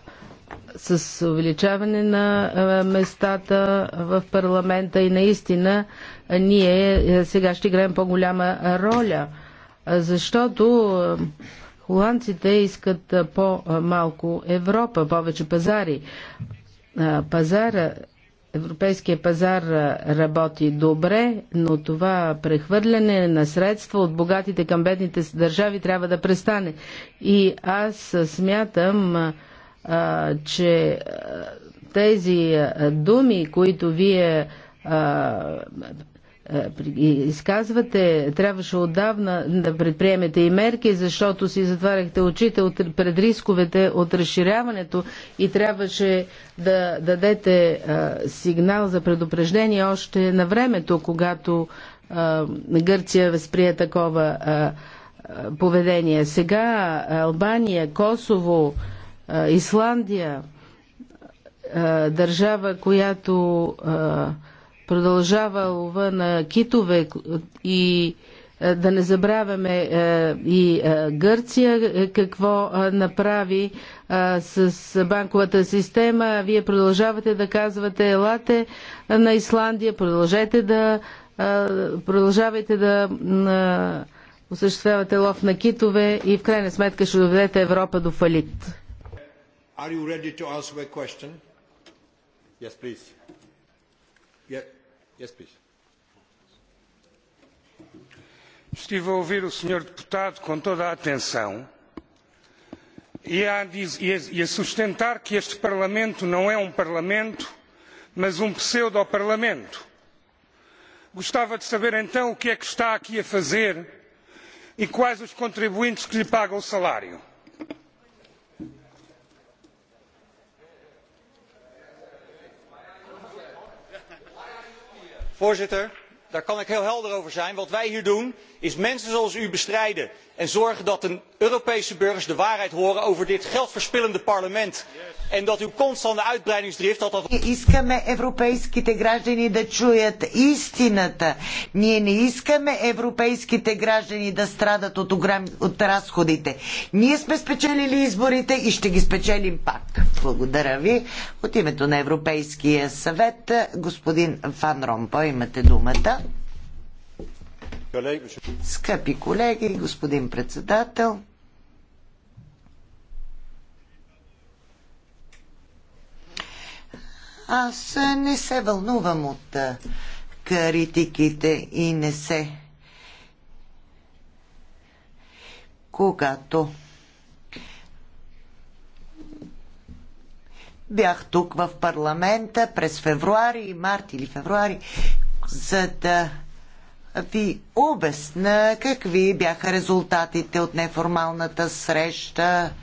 с увеличаване на местата в парламента и наистина ние сега ще играем по-голяма роля, защото Холандците искат по-малко Европа, повече пазари. Пазара, европейския пазар работи добре, но това прехвърляне на средства от богатите към бедните държави трябва да престане. И аз смятам, че тези думи, които вие е, изказвате, трябваше отдавна да предприемете и мерки, защото си затваряхте очите от, пред рисковете от разширяването и трябваше да дадете а, е, сигнал за предупреждение още на времето, когато а, е, Гърция възприе такова а, поведение. Сега Албания, Косово, а, Исландия, а, държава, която а, Продължава лова на китове и е, да не забравяме е, и е, Гърция какво направи с банковата система. Вие продължавате да казвате елате на Исландия, продължете да продължавайте да осъществявате лов на китове и в крайна сметка ще доведете Европа до фалит. Yes, Estive a ouvir o senhor deputado com toda a atenção e a sustentar que este Parlamento não é um Parlamento, mas um pseudo-Parlamento. Gostava de saber então o que é que está aqui a fazer e quais os contribuintes que lhe pagam o salário. voorzitter daar kan ik heel helder over zijn. wat wij hier doen is mensen zoals u bestrijden en zorgen dat de europese burgers de waarheid horen over dit geldverspillende parlement en dat uw constante uitbreidingsdrift dat dat... Искаме европейските граждани да чуят истината. Ние не искаме европейските граждани да страдат от, ограм... от разходите. Ние сме спечелили изборите и ще ги спечелим пак. Благодаря ви. От името на Европейския съвет, господин Фан Ромпо, имате думата. Скъпи колеги, господин председател, аз не се вълнувам от критиките и не се когато бях тук в парламента през февруари, март или февруари, за да ви обясна какви бяха резултатите от неформалната среща.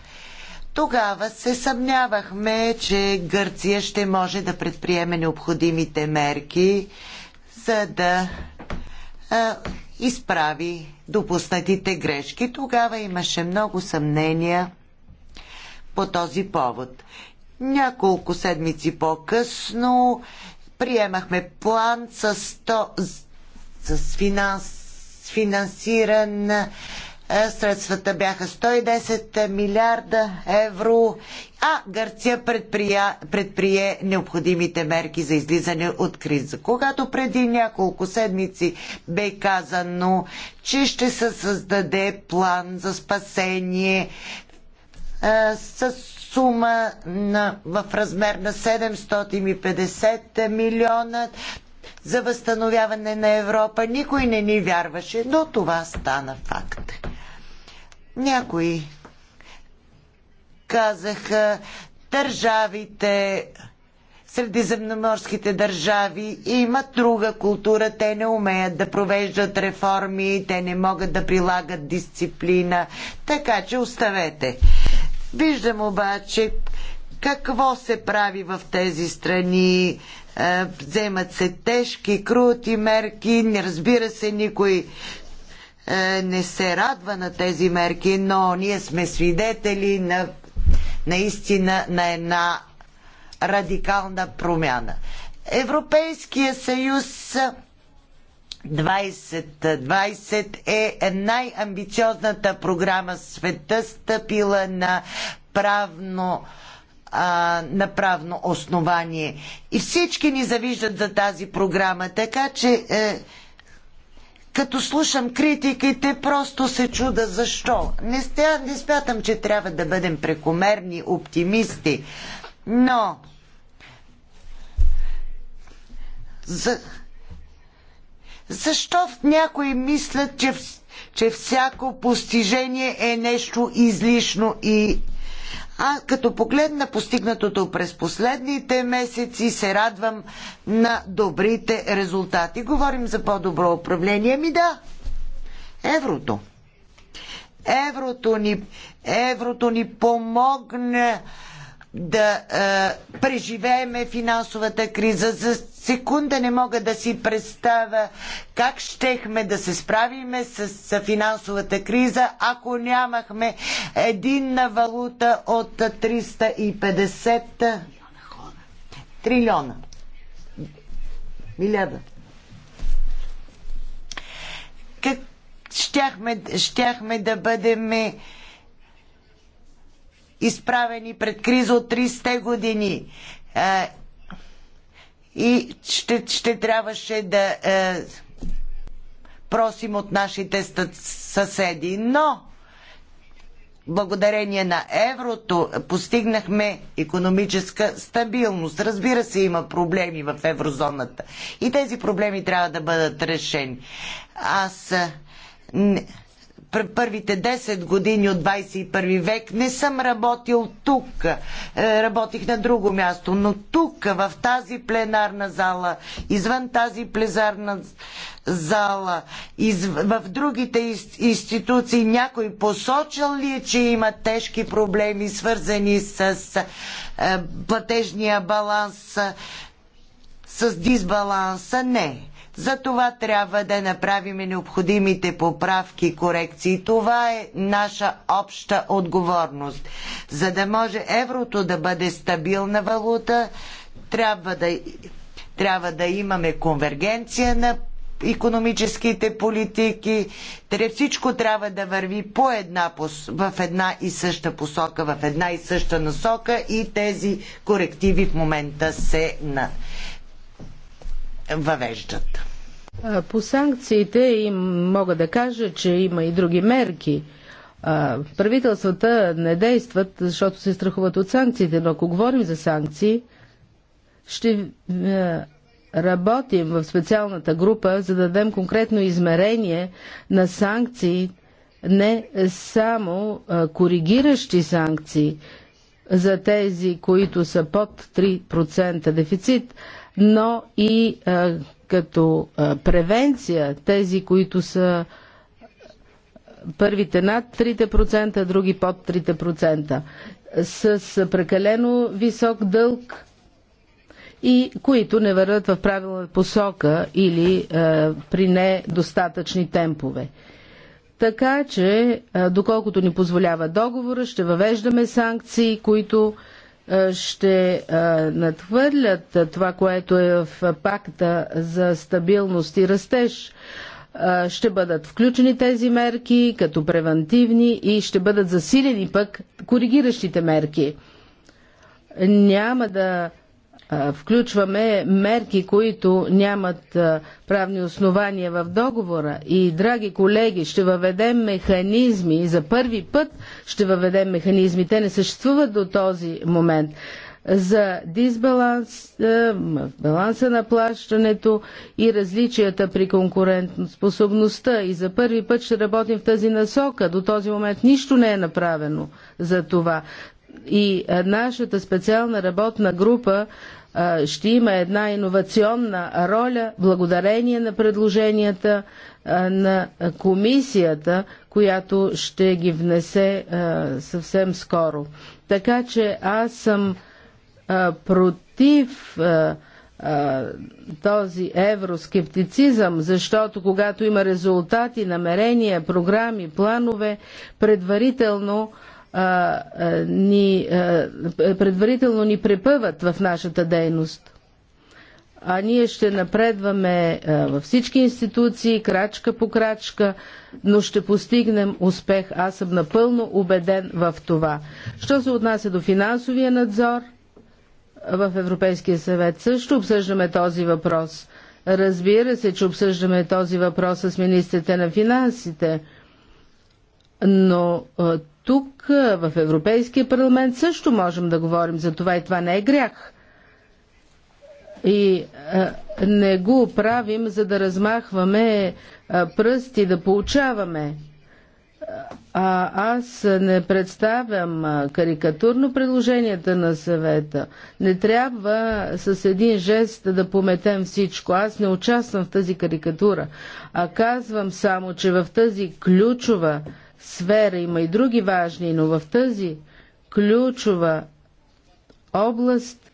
Тогава се съмнявахме, че Гърция ще може да предприеме необходимите мерки, за да а, изправи допуснатите грешки. Тогава имаше много съмнения по този повод. Няколко седмици по-късно приемахме план с 100 с финанс, финансиран. Средствата бяха 110 милиарда евро, а Гърция предприя, предприе необходимите мерки за излизане от криза. Когато преди няколко седмици бе казано, че ще се създаде план за спасение а, с сума на, в размер на 750 милиона за възстановяване на Европа. Никой не ни вярваше, но това стана факт. Някои казаха държавите, средиземноморските държави имат друга култура, те не умеят да провеждат реформи, те не могат да прилагат дисциплина, така че оставете. Виждам обаче какво се прави в тези страни, е, вземат се тежки, крути мерки, не разбира се никой е, не се радва на тези мерки, но ние сме свидетели на наистина на една радикална промяна. Европейския съюз 2020 е най-амбициозната програма в света, стъпила на правно а, на правно основание. И всички ни завиждат за тази програма, така че е, като слушам критиките, просто се чуда защо. Не, стя, не смятам, че трябва да бъдем прекомерни оптимисти, но за... защо в някои мислят, че, че всяко постижение е нещо излишно и а като погледна постигнатото през последните месеци, се радвам на добрите резултати. Говорим за по-добро управление. Ми да, еврото. Еврото ни, еврото ни помогна да е, преживееме финансовата криза. За секунда не мога да си представя как щехме да се справиме с, с финансовата криза, ако нямахме единна валута от 350 трилиона. Милиарда. Как щяхме, щяхме да бъдеме изправени пред криза от 30-те години. Е, и ще, ще трябваше да е, просим от нашите съседи. Но, благодарение на еврото, постигнахме економическа стабилност. Разбира се, има проблеми в еврозоната. И тези проблеми трябва да бъдат решени. Аз не, първите 10 години от 21 век не съм работил тук. Е, работих на друго място, но тук, в тази пленарна зала, извън тази плезарна зала, в другите институции някой посочил ли е, че има тежки проблеми, свързани с е, платежния баланс, с дисбаланса? Не за това трябва да направим необходимите поправки, и корекции. Това е наша обща отговорност. За да може еврото да бъде стабилна валута, трябва да, трябва да имаме конвергенция на економическите политики. Всичко трябва да върви по една, в една и съща посока, в една и съща насока и тези корективи в момента се на... въвеждат. По санкциите им мога да кажа, че има и други мерки. Правителствата не действат, защото се страхуват от санкциите, но ако говорим за санкции, ще работим в специалната група, за да дадем конкретно измерение на санкции, не само коригиращи санкции за тези, които са под 3% дефицит, но и като превенция тези, които са първите над 3%, други под 3%, с прекалено висок дълг и които не върват в правилна посока или а, при недостатъчни темпове. Така че, а, доколкото ни позволява договора, ще въвеждаме санкции, които ще надхвърлят това, което е в пакта за стабилност и растеж. Ще бъдат включени тези мерки като превентивни и ще бъдат засилени пък коригиращите мерки. Няма да включваме мерки, които нямат правни основания в договора. И, драги колеги, ще въведем механизми, за първи път ще въведем механизми, те не съществуват до този момент, за дисбаланс, баланса на плащането и различията при конкурентоспособността. И за първи път ще работим в тази насока. До този момент нищо не е направено за това и нашата специална работна група ще има една иновационна роля благодарение на предложенията на комисията, която ще ги внесе съвсем скоро. Така че аз съм против този евроскептицизъм, защото когато има резултати, намерения, програми, планове, предварително а, а, ни, а, предварително ни препъват в нашата дейност. А ние ще напредваме а, във всички институции, крачка по крачка, но ще постигнем успех. Аз съм напълно убеден в това. Що се отнася до финансовия надзор, в Европейския съвет също обсъждаме този въпрос. Разбира се, че обсъждаме този въпрос с министрите на финансите, но тук в Европейския парламент също можем да говорим за това и това не е грях. И а, не го правим, за да размахваме а, пръсти, да получаваме. А аз не представям карикатурно предложенията на съвета. Не трябва с един жест да пометем всичко. Аз не участвам в тази карикатура, а казвам само, че в тази ключова сфера има и други важни, но в тази ключова област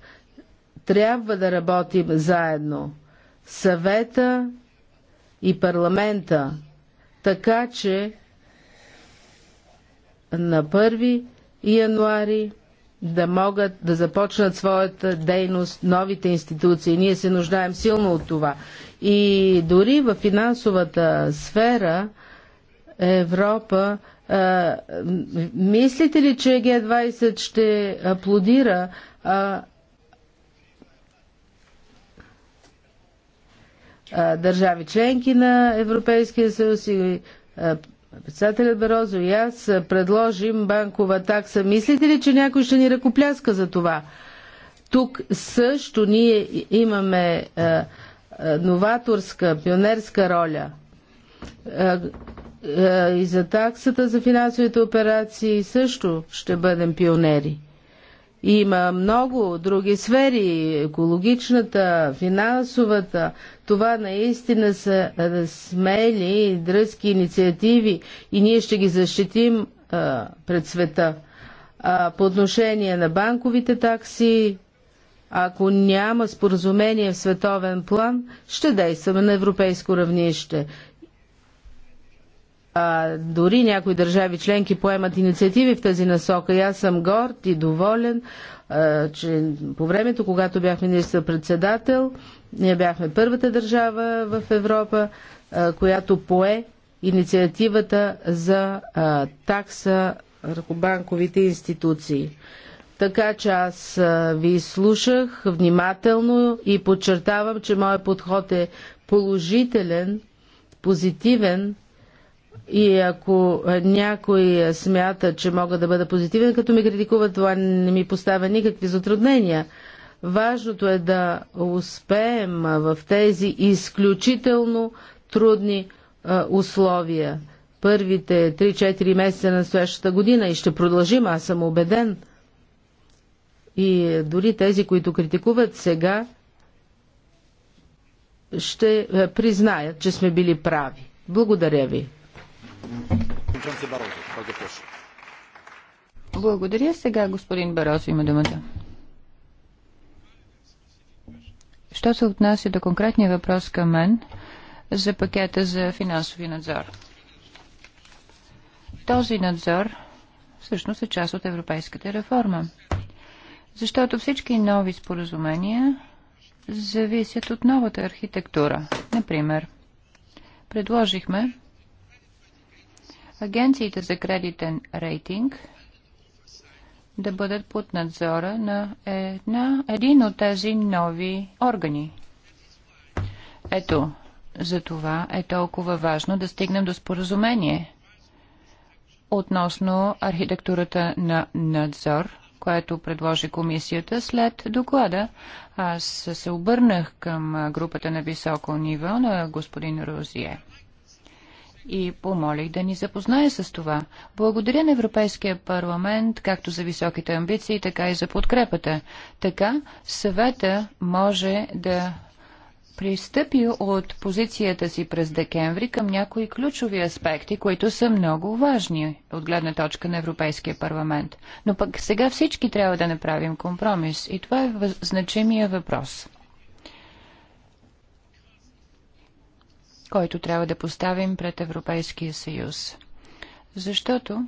трябва да работим заедно. Съвета и парламента. Така че на 1 януари да могат да започнат своята дейност новите институции. Ние се нуждаем силно от това. И дори в финансовата сфера Европа. А, мислите ли, че Г20 ще аплодира? А, държави членки на Европейския съюз и председателя Барозо и аз предложим банкова такса. Мислите ли, че някой ще ни ръкопляска за това? Тук също ние имаме а, новаторска, пионерска роля е, и за таксата за финансовите операции също ще бъдем пионери. Има много други сфери, екологичната, финансовата. Това наистина са смели и дръзки инициативи и ние ще ги защитим а, е, пред света. А, по отношение на банковите такси, ако няма споразумение в световен план, ще действаме на европейско равнище а, дори някои държави членки поемат инициативи в тази насока. И аз съм горд и доволен, а, че по времето, когато бях министър-председател, ние бяхме първата държава в Европа, а, която пое инициативата за а, такса върху банковите институции. Така че аз ви слушах внимателно и подчертавам, че моят подход е положителен, позитивен и ако някой смята, че мога да бъда позитивен, като ме критикува, това не ми поставя никакви затруднения. Важното е да успеем в тези изключително трудни а, условия. Първите 3-4 месеца на следващата година и ще продължим, аз съм убеден. И дори тези, които критикуват сега, ще признаят, че сме били прави. Благодаря ви. Благодаря. Сега господин Баросо има думата. Що се отнася до конкретния въпрос към мен за пакета за финансови надзор? Този надзор всъщност е част от европейската реформа, защото всички нови споразумения зависят от новата архитектура. Например, предложихме агенциите за кредитен рейтинг да бъдат под надзора на една, един от тези нови органи. Ето, за това е толкова важно да стигнем до споразумение относно архитектурата на надзор, което предложи комисията след доклада. Аз се обърнах към групата на високо ниво на господин Розие и помолих да ни запознае с това. Благодаря на Европейския парламент, както за високите амбиции, така и за подкрепата. Така съвета може да пристъпи от позицията си през декември към някои ключови аспекти, които са много важни от гледна точка на Европейския парламент. Но пък сега всички трябва да направим компромис и това е значимия въпрос. който трябва да поставим пред Европейския съюз. Защото,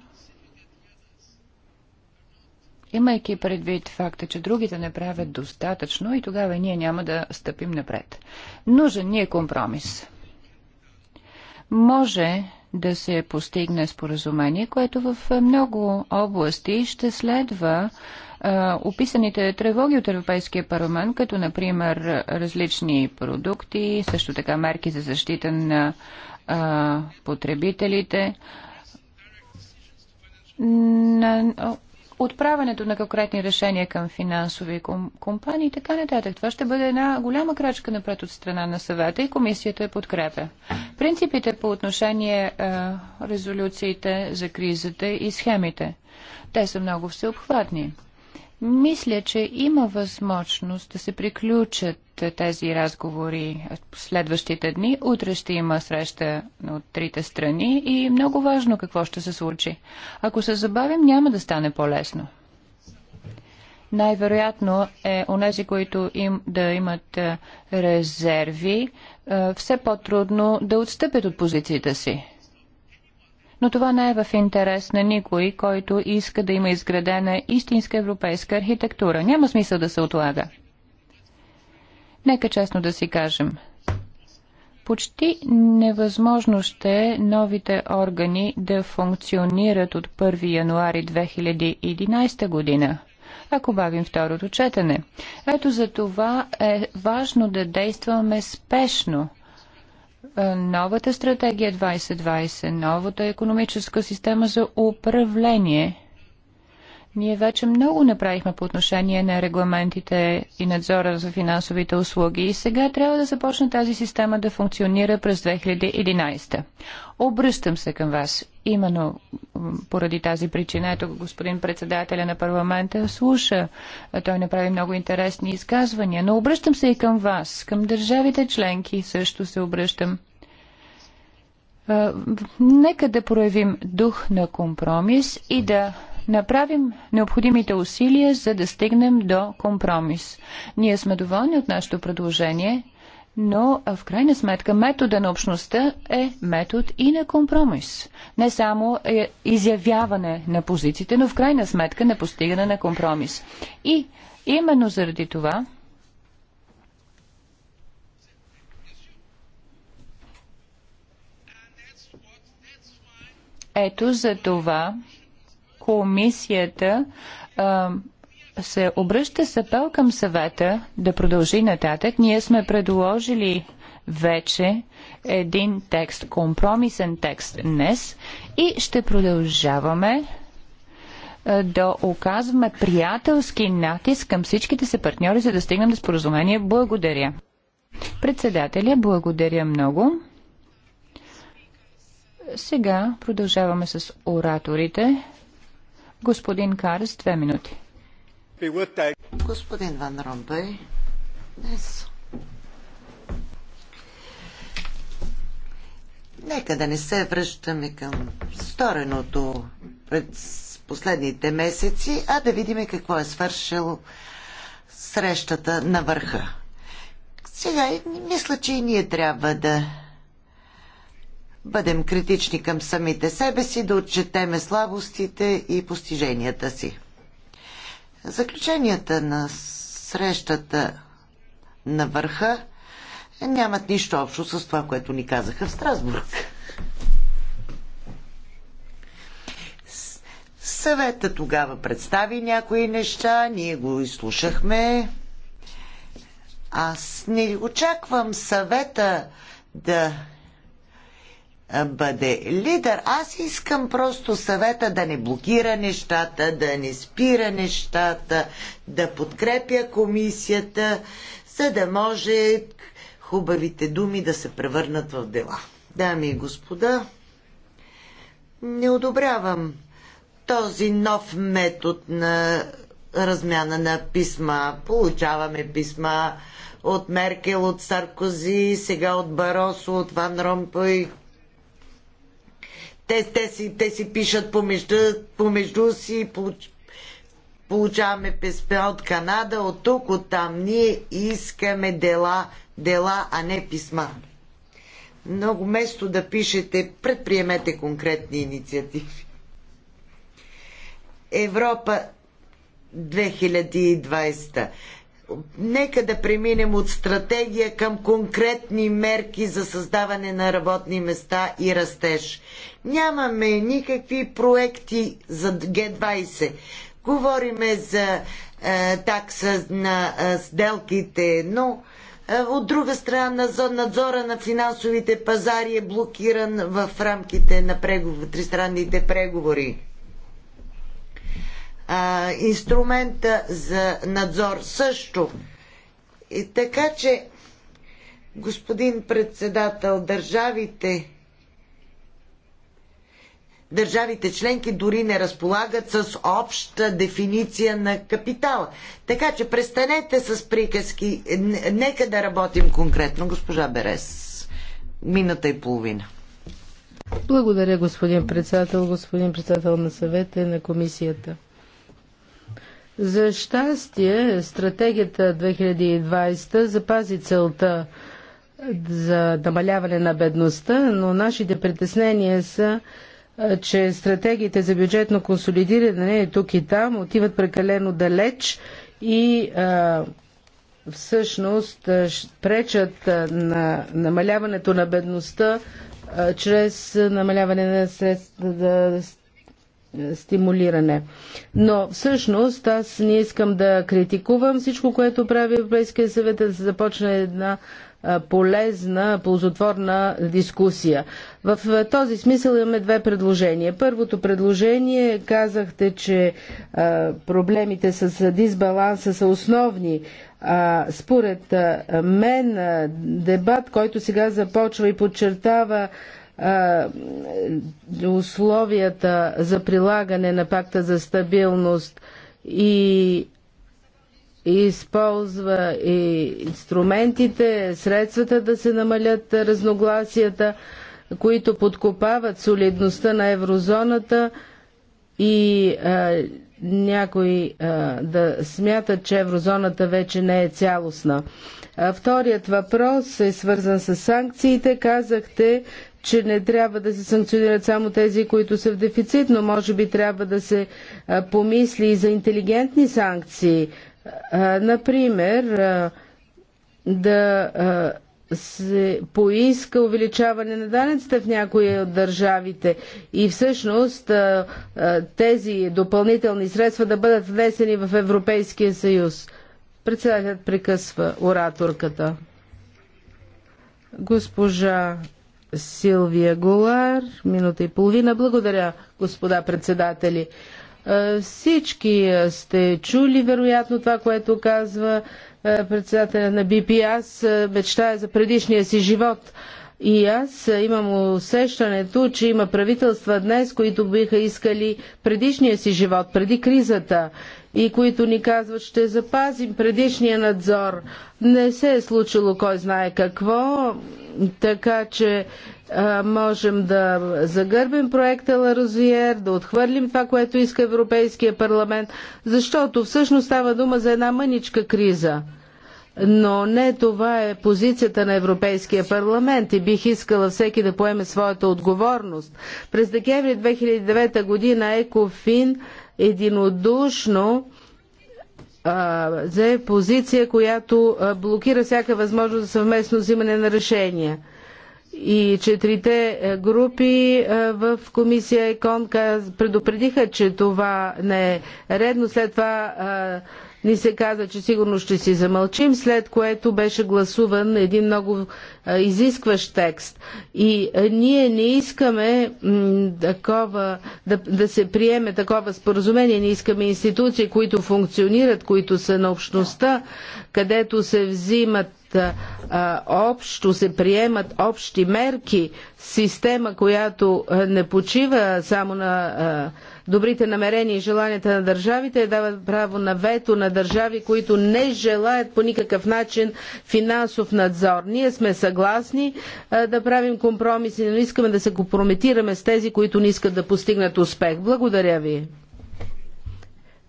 имайки предвид факта, че другите не правят достатъчно и тогава ние няма да стъпим напред. Нужен ни е компромис. Може да се постигне споразумение, което в много области ще следва описаните тревоги от Европейския парламент, като например различни продукти, също така мерки за защита на а, потребителите. На отправянето на конкретни решения към финансови компании и така нататък. Това ще бъде една голяма крачка напред от страна на съвета и комисията я подкрепя. Принципите по отношение а, е, резолюциите за кризата и схемите. Те са много всеобхватни. Мисля, че има възможност да се приключат тези разговори в следващите дни. Утре ще има среща от трите страни и много важно какво ще се случи. Ако се забавим, няма да стане по-лесно. Най-вероятно е онези, които им да имат резерви, все по-трудно да отстъпят от позициите си. Но това не е в интерес на никой, който иска да има изградена истинска европейска архитектура. Няма смисъл да се отлага. Нека честно да си кажем. Почти невъзможно ще е новите органи да функционират от 1 януари 2011 година ако бавим второто четене. Ето за това е важно да действаме спешно. Е, новата стратегия 2020, новата економическа система за управление ние вече много направихме по отношение на регламентите и надзора за финансовите услуги и сега трябва да започне тази система да функционира през 2011. Обръщам се към вас. Именно поради тази причина, ето господин председателя на парламента слуша. Той направи много интересни изказвания. Но обръщам се и към вас, към държавите членки също се обръщам. Нека да проявим дух на компромис и да направим необходимите усилия, за да стигнем до компромис. Ние сме доволни от нашето предложение, но в крайна сметка метода на общността е метод и на компромис. Не само е изявяване на позициите, но в крайна сметка на постигане на компромис. И именно заради това Ето за това комисията а, се обръща с апел към съвета да продължи нататък. Ние сме предложили вече един текст, компромисен текст днес и ще продължаваме да оказваме приятелски натиск към всичките се партньори, за да стигнем до споразумение. Благодаря. Председателя, благодаря много. Сега продължаваме с ораторите. Господин Карс, две минути. Господин Ван Ромбей, днес Нека да не се връщаме към стореното пред последните месеци, а да видим какво е свършил срещата на върха. Сега мисля, че и ние трябва да бъдем критични към самите себе си, да отчетеме слабостите и постиженията си. Заключенията на срещата на върха нямат нищо общо с това, което ни казаха в Страсбург. Съвета тогава представи някои неща, ние го изслушахме. Аз не очаквам съвета да бъде лидер. Аз искам просто съвета да не блокира нещата, да не спира нещата, да подкрепя комисията, за да може хубавите думи да се превърнат в дела. Дами и господа, не одобрявам този нов метод на размяна на писма. Получаваме писма от Меркел, от Саркози, сега от Баросо, от Ван Ромпой, те, те, си, те си пишат помежду, помежду си, получаваме писма от Канада, от тук, от там. Ние искаме дела, дела, а не писма. Много место да пишете, предприемете конкретни инициативи. Европа 2020 нека да преминем от стратегия към конкретни мерки за създаване на работни места и растеж. Нямаме никакви проекти за Г20. Говориме за е, такса на е, сделките, но е, от друга страна надзора на финансовите пазари е блокиран в рамките на преговор, тристранните преговори а, инструмента за надзор също. И така че, господин председател, държавите държавите членки дори не разполагат с обща дефиниция на капитала. Така че престанете с приказки. Нека да работим конкретно, госпожа Берес. Мината и половина. Благодаря, господин председател, господин председател на съвета и на комисията. За щастие, стратегията 2020 запази целта за намаляване на бедността, но нашите притеснения са, че стратегиите за бюджетно консолидиране тук и там отиват прекалено далеч и а, всъщност пречат на намаляването на бедността а, чрез намаляване на средства, стимулиране. Но всъщност аз не искам да критикувам всичко, което прави Европейския съвет, да се започне една полезна, ползотворна дискусия. В този смисъл имаме две предложения. Първото предложение казахте, че проблемите с дисбаланса са основни. Според мен дебат, който сега започва и подчертава условията за прилагане на пакта за стабилност и използва и инструментите, средствата да се намалят разногласията, които подкопават солидността на еврозоната и а, някои а, да смятат, че еврозоната вече не е цялостна. А, вторият въпрос е свързан с санкциите. Казахте, че не трябва да се санкционират само тези, които са в дефицит, но може би трябва да се помисли и за интелигентни санкции. Например, да се поиска увеличаване на данъците в някои от държавите и всъщност тези допълнителни средства да бъдат внесени в Европейския съюз. Председателят прекъсва ораторката. Госпожа Силвия Голар, минута и половина. Благодаря, господа председатели. Всички сте чули, вероятно, това, което казва председателя на БП. Аз мечтая за предишния си живот. И аз имам усещането, че има правителства днес, които биха искали предишния си живот, преди кризата и които ни казват, ще запазим предишния надзор. Не се е случило кой знае какво така че а, можем да загърбим проекта Ларозиер, да отхвърлим това, което иска Европейския парламент, защото всъщност става дума за една мъничка криза. Но не това е позицията на Европейския парламент и бих искала всеки да поеме своята отговорност. През декември 2009 година Екофин единодушно зае позиция, която блокира всяка възможност за съвместно взимане на решения. И четирите е, групи е, в комисия ЕКОН предупредиха, че това не е редно. След това е, ни се каза, че сигурно ще си замълчим, след което беше гласуван един много изискващ текст. И ние не искаме такова, да, да се приеме такова споразумение, не искаме институции, които функционират, които са на общността, където се взимат общо се приемат общи мерки, система, която не почива само на добрите намерения и желанията на държавите, дават право на вето на държави, които не желаят по никакъв начин финансов надзор. Ние сме съгласни да правим компромиси, но искаме да се компрометираме с тези, които не искат да постигнат успех. Благодаря ви.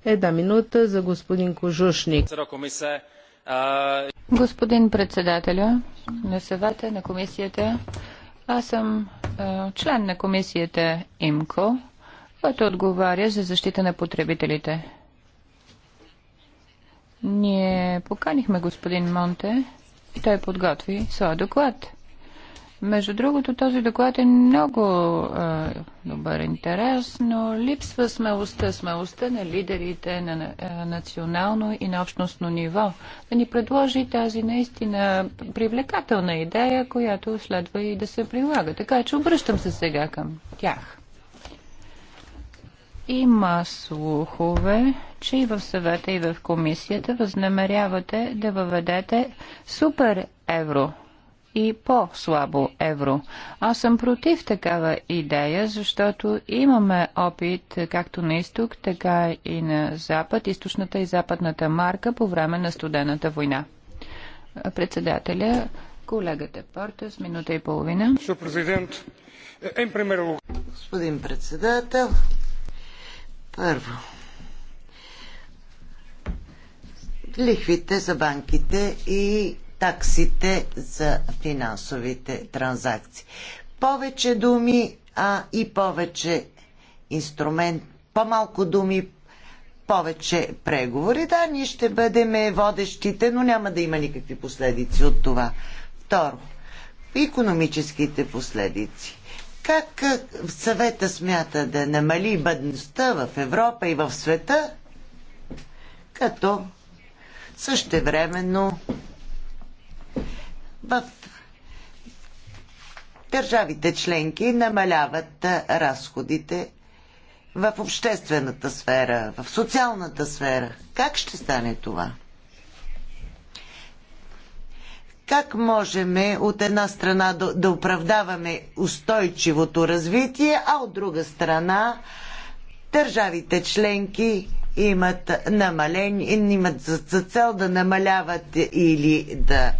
Една минута за господин Кожушник. Господин председателя на съвета на комисията, аз съм член на комисията ИМКО който отговаря за защита на потребителите. Ние поканихме господин Монте и той подготви своя доклад. Между другото, този доклад е много е, добър интерес, но липсва смелостта, смелостта на лидерите на е, национално и на общностно ниво да ни предложи тази наистина привлекателна идея, която следва и да се прилага. Така че обръщам се сега към тях. Има слухове, че и в съвета, и в комисията възнамерявате да въведете супер евро и по-слабо евро. Аз съм против такава идея, защото имаме опит както на изток, така и на запад, източната и западната марка по време на студената война. Председателя, колегата Портес, минута и половина. Господин председател, първо, лихвите за банките и таксите за финансовите транзакции. Повече думи, а и повече инструмент, по-малко думи, повече преговори. Да, ние ще бъдем водещите, но няма да има никакви последици от това. Второ, економическите последици. Как съвета смята да намали бъдността в Европа и в света, като същевременно в държавите членки намаляват разходите в обществената сфера, в социалната сфера. Как ще стане това? как можем от една страна да, да оправдаваме устойчивото развитие, а от друга страна държавите членки имат намалени, имат за, за цел да намаляват или да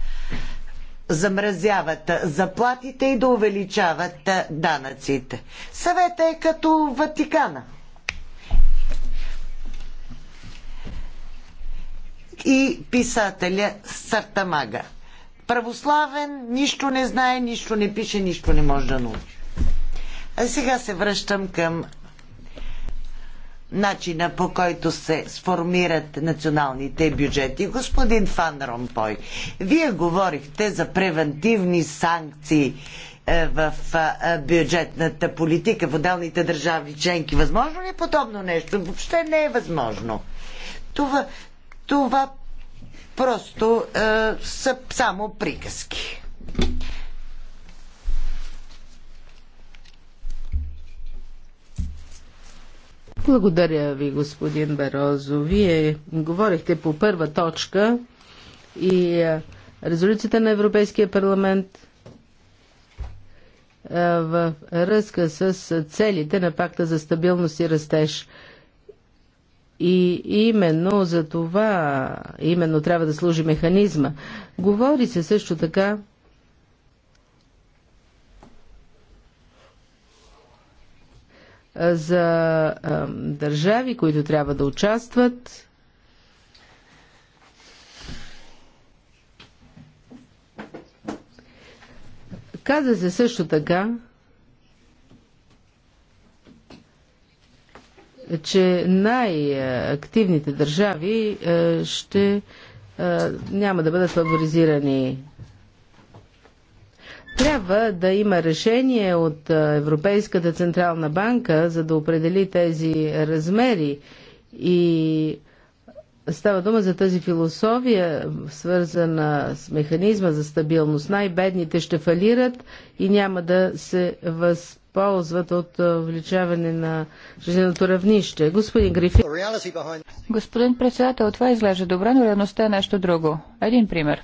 замразяват заплатите и да увеличават данъците. Съветът е като Ватикана. И писателя Сартамага православен, нищо не знае, нищо не пише, нищо не може да научи. А сега се връщам към начина по който се сформират националните бюджети. Господин Фан Ромпой, вие говорихте за превентивни санкции е, в бюджетната политика в отделните държави членки. Възможно ли е подобно нещо? Въобще не е възможно. Това, това просто е, са само приказки. Благодаря ви, господин Берозо. Вие говорихте по първа точка и е, резолюцията на Европейския парламент е, в връзка с целите на пакта за стабилност и растеж. И именно за това, именно трябва да служи механизма. Говори се също така за а, държави, които трябва да участват. Каза се също така, че най-активните държави е, ще е, няма да бъдат фаворизирани. Трябва да има решение от е, Европейската Централна банка, за да определи тези размери и Става дума за тази философия, свързана с механизма за стабилност. Най-бедните ще фалират и няма да се въз ползват от увеличаване на жизненото равнище. Господин Грифин. Господин председател, това изглежда добре, но реалността е нещо друго. Един пример.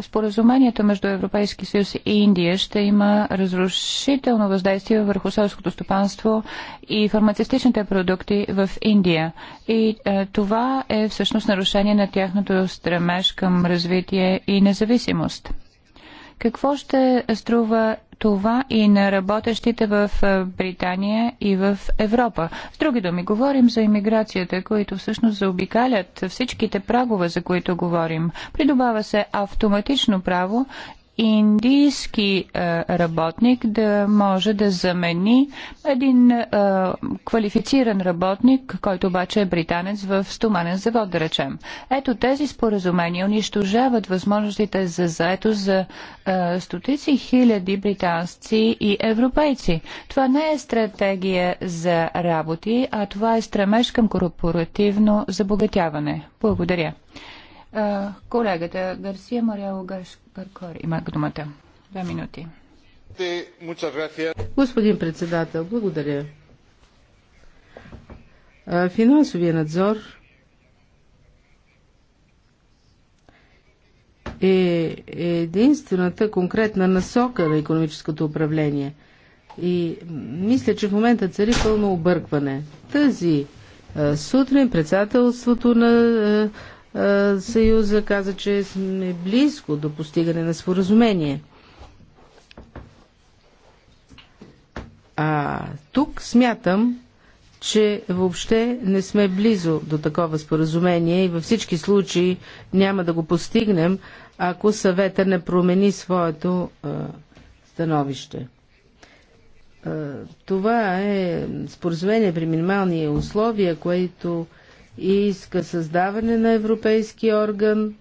Споразумението между Европейски съюз и Индия ще има разрушително въздействие върху селското стопанство и фармацевтичните продукти в Индия. И е, това е всъщност нарушение на тяхното стремеж към развитие и независимост. Какво ще струва това и на работещите в е, Британия и в Европа. С други думи, говорим за иммиграцията, които всъщност заобикалят всичките прагове, за които говорим. Придобава се автоматично право индийски е, работник да може да замени един е, квалифициран работник, който обаче е британец в стоманен завод, да речем. Ето тези споразумения унищожават възможностите за заето за е, стотици хиляди британци и европейци. Това не е стратегия за работи, а това е стремеж към корпоративно забогатяване. Благодаря. Е, колегата Гарсия Мариал Гаркор има думата. Две минути. Господин председател, благодаря. Е, финансовия надзор е единствената конкретна насока на економическото управление. И мисля, че в момента цари пълно объркване. Тази е, сутрин председателството на е, Съюза каза, че сме близко до постигане на споразумение. А тук смятам, че въобще не сме близо до такова споразумение и във всички случаи няма да го постигнем, ако съвета не промени своето а, е, становище. А, е, това е споразумение при минимални условия, което и иска създаване на европейски орган,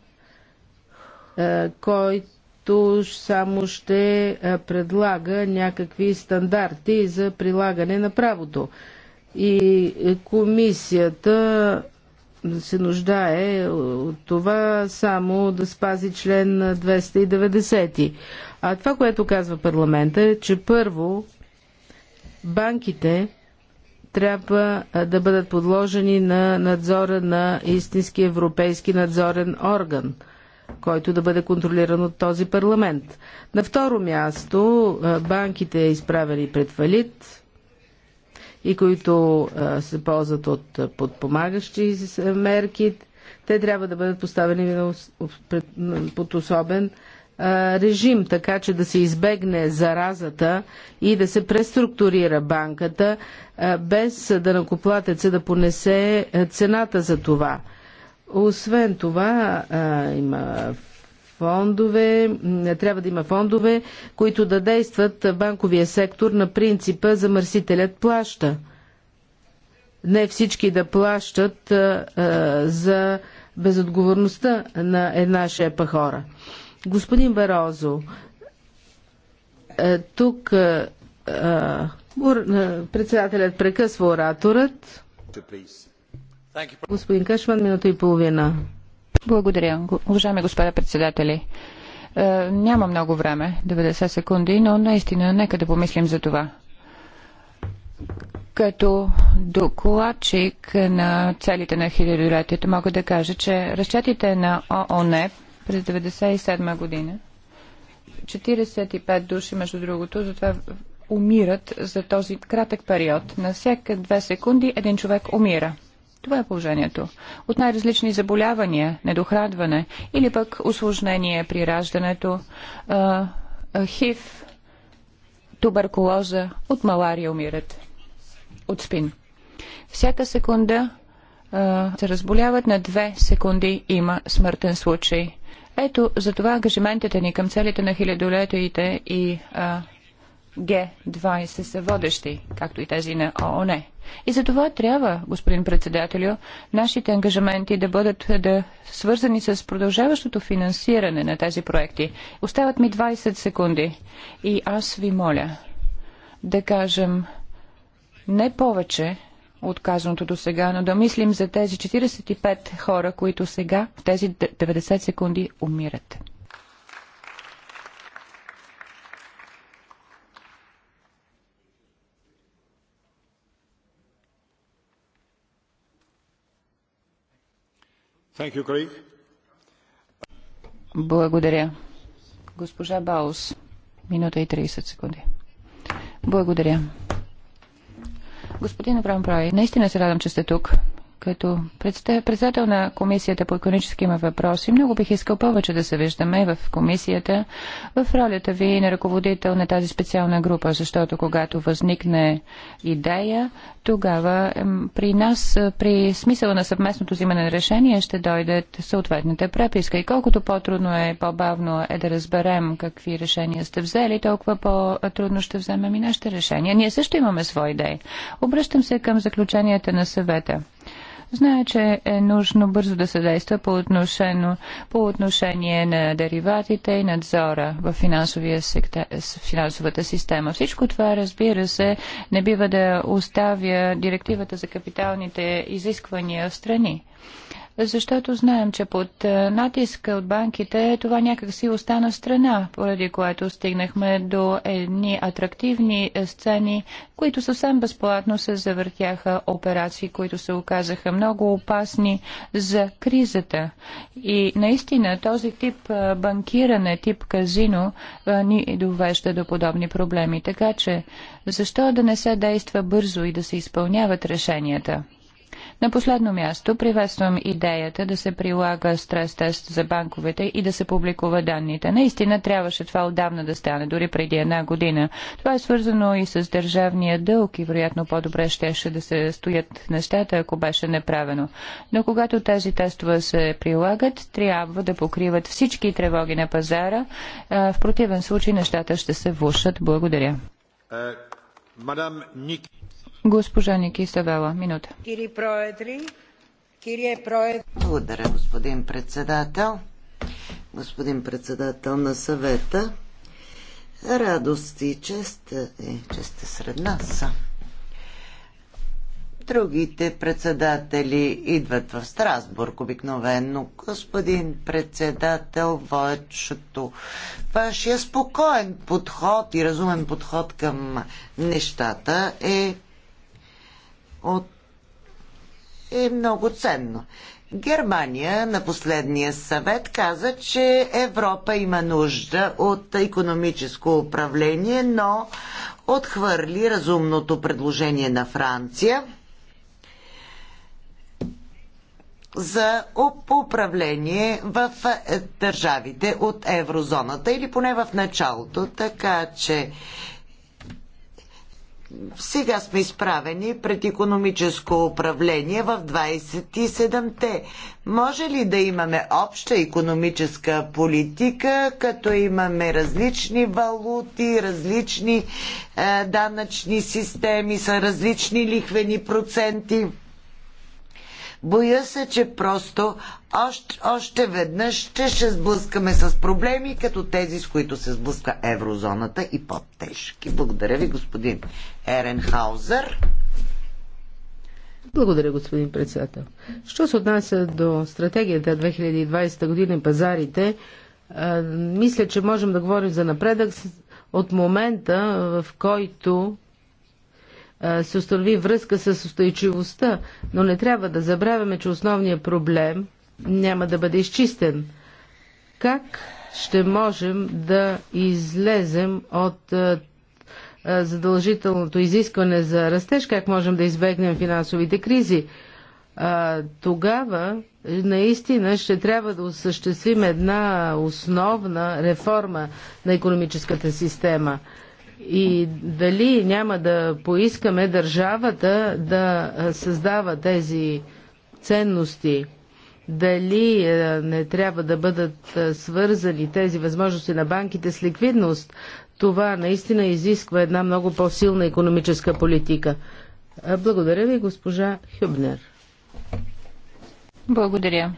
е, който само ще е, предлага някакви стандарти за прилагане на правото. И е, комисията се нуждае от това само да спази член 290. А това, което казва парламента е, че първо банките трябва да бъдат подложени на надзора на истински европейски надзорен орган, който да бъде контролиран от този парламент. На второ място, банките изправени пред фалит и които се ползват от подпомагащи мерки, те трябва да бъдат поставени под особен режим, така че да се избегне заразата и да се преструктурира банката, без да накоплатеца да понесе цената за това. Освен това, има фондове, трябва да има фондове, които да действат банковия сектор на принципа замърсителят плаща. Не всички да плащат за безотговорността на една шепа хора. Господин Барозо, е, тук е, е, председателят прекъсва ораторът. Господин Кашман, минута и половина. Благодаря, уважаеми господа председатели. Няма много време, 90 секунди, но наистина нека да помислим за това като докладчик на целите на хилядолетието мога да кажа, че разчетите на ООН през 1997 година. 45 души, между другото, затова умират за този кратък период. На всяка две секунди един човек умира. Това е положението. От най-различни заболявания, недохрадване или пък осложнение при раждането, а, а, хив, туберкулоза, от малария умират, от спин. Всяка секунда а, се разболяват, на две секунди има смъртен случай. Ето, затова ангажиментите ни към целите на хилядолетоите и Г-20 са водещи, както и тези на ООН. И за това трябва, господин председателю, нашите ангажаменти да бъдат да, свързани с продължаващото финансиране на тези проекти. Остават ми 20 секунди и аз ви моля да кажем не повече отказаното до сега, но да мислим за тези 45 хора, които сега в тези 90 секунди умират. You, Благодаря. Госпожа Баус, минута и 30 секунди. Благодаря. Господин Абрам Прай, наистина се радвам, че сте тук като председател на Комисията по економически има въпроси, много бих искал повече да се виждаме в Комисията, в ролята ви на ръководител на тази специална група, защото когато възникне идея, тогава при нас, при смисъла на съвместното взимане на решение, ще дойдат съответната преписка. И колкото по-трудно е, по-бавно е да разберем какви решения сте взели, толкова по-трудно ще вземем и нашите решения. Ние също имаме свои идеи. Обръщам се към заключенията на съвета. Знае, че е нужно бързо да се действа по, по отношение на дериватите и надзора в финансовия секта, финансовата система. Всичко това, разбира се, не бива да оставя директивата за капиталните изисквания в страни защото знаем, че под е, натиска от банките това някак си остана страна, поради което стигнахме до едни атрактивни е, сцени, които съвсем безплатно се завъртяха операции, които се оказаха много опасни за кризата. И наистина този тип е, банкиране, тип казино ни довежда до подобни проблеми. Така че защо да не се действа бързо и да се изпълняват решенията? На последно място приветствам идеята да се прилага стрес-тест за банковете и да се публикува данните. Наистина трябваше това отдавна да стане, дори преди една година. Това е свързано и с държавния дълг и вероятно по-добре щеше да се стоят нещата, ако беше направено. Но когато тези тестове се прилагат, трябва да покриват всички тревоги на пазара. В противен случай нещата ще се влушат. Благодаря. Е, мадам Ник... Госпожа Ники Савела, минута. Е Благодаря, господин председател. Господин председател на съвета, радост и чест е, че сте сред нас. Другите председатели идват в Страсбург обикновено. Господин председател, вашето, вашия спокоен подход и разумен подход към нещата е от... е много ценно. Германия на последния съвет каза, че Европа има нужда от економическо управление, но отхвърли разумното предложение на Франция за управление в е, държавите от еврозоната или поне в началото. Така че сега сме изправени пред економическо управление в 27-те. Може ли да имаме обща економическа политика, като имаме различни валути, различни е, данъчни системи, са различни лихвени проценти? Боя се, че просто още, още веднъж ще ще сблъскаме с проблеми, като тези, с които се сблъска еврозоната и по-тежки. Благодаря ви, господин Еренхаузер. Благодаря, господин председател. Що се отнася до стратегията 2020 година и пазарите, мисля, че можем да говорим за напредък от момента, в който се установи връзка с устойчивостта, но не трябва да забравяме, че основният проблем няма да бъде изчистен. Как ще можем да излезем от задължителното изискване за растеж, как можем да избегнем финансовите кризи? Тогава е, наистина ще трябва да осъществим една основна реформа на економическата система – и дали няма да поискаме държавата да създава тези ценности? Дали не трябва да бъдат свързани тези възможности на банките с ликвидност? Това наистина изисква една много по-силна економическа политика. Благодаря ви, госпожа Хюбнер. Благодаря.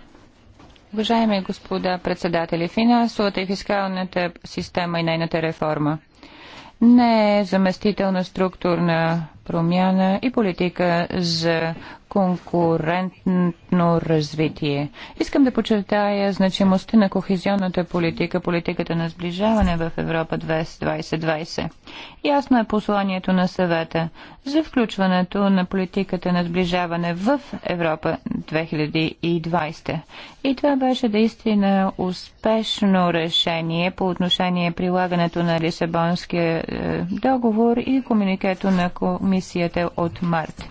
Уважаеми господа председатели, финансовата и фискалната система и нейната реформа не е заместител на структурна промяна и политика за конкурентно развитие. Искам да подчертая значимостта на кохезионната политика, политиката на сближаване в Европа 2020. Ясно е посланието на съвета за включването на политиката на сближаване в Европа 2020. И това беше наистина успешно решение по отношение прилагането на Лисабонския е, договор и комуникето на комисията от март.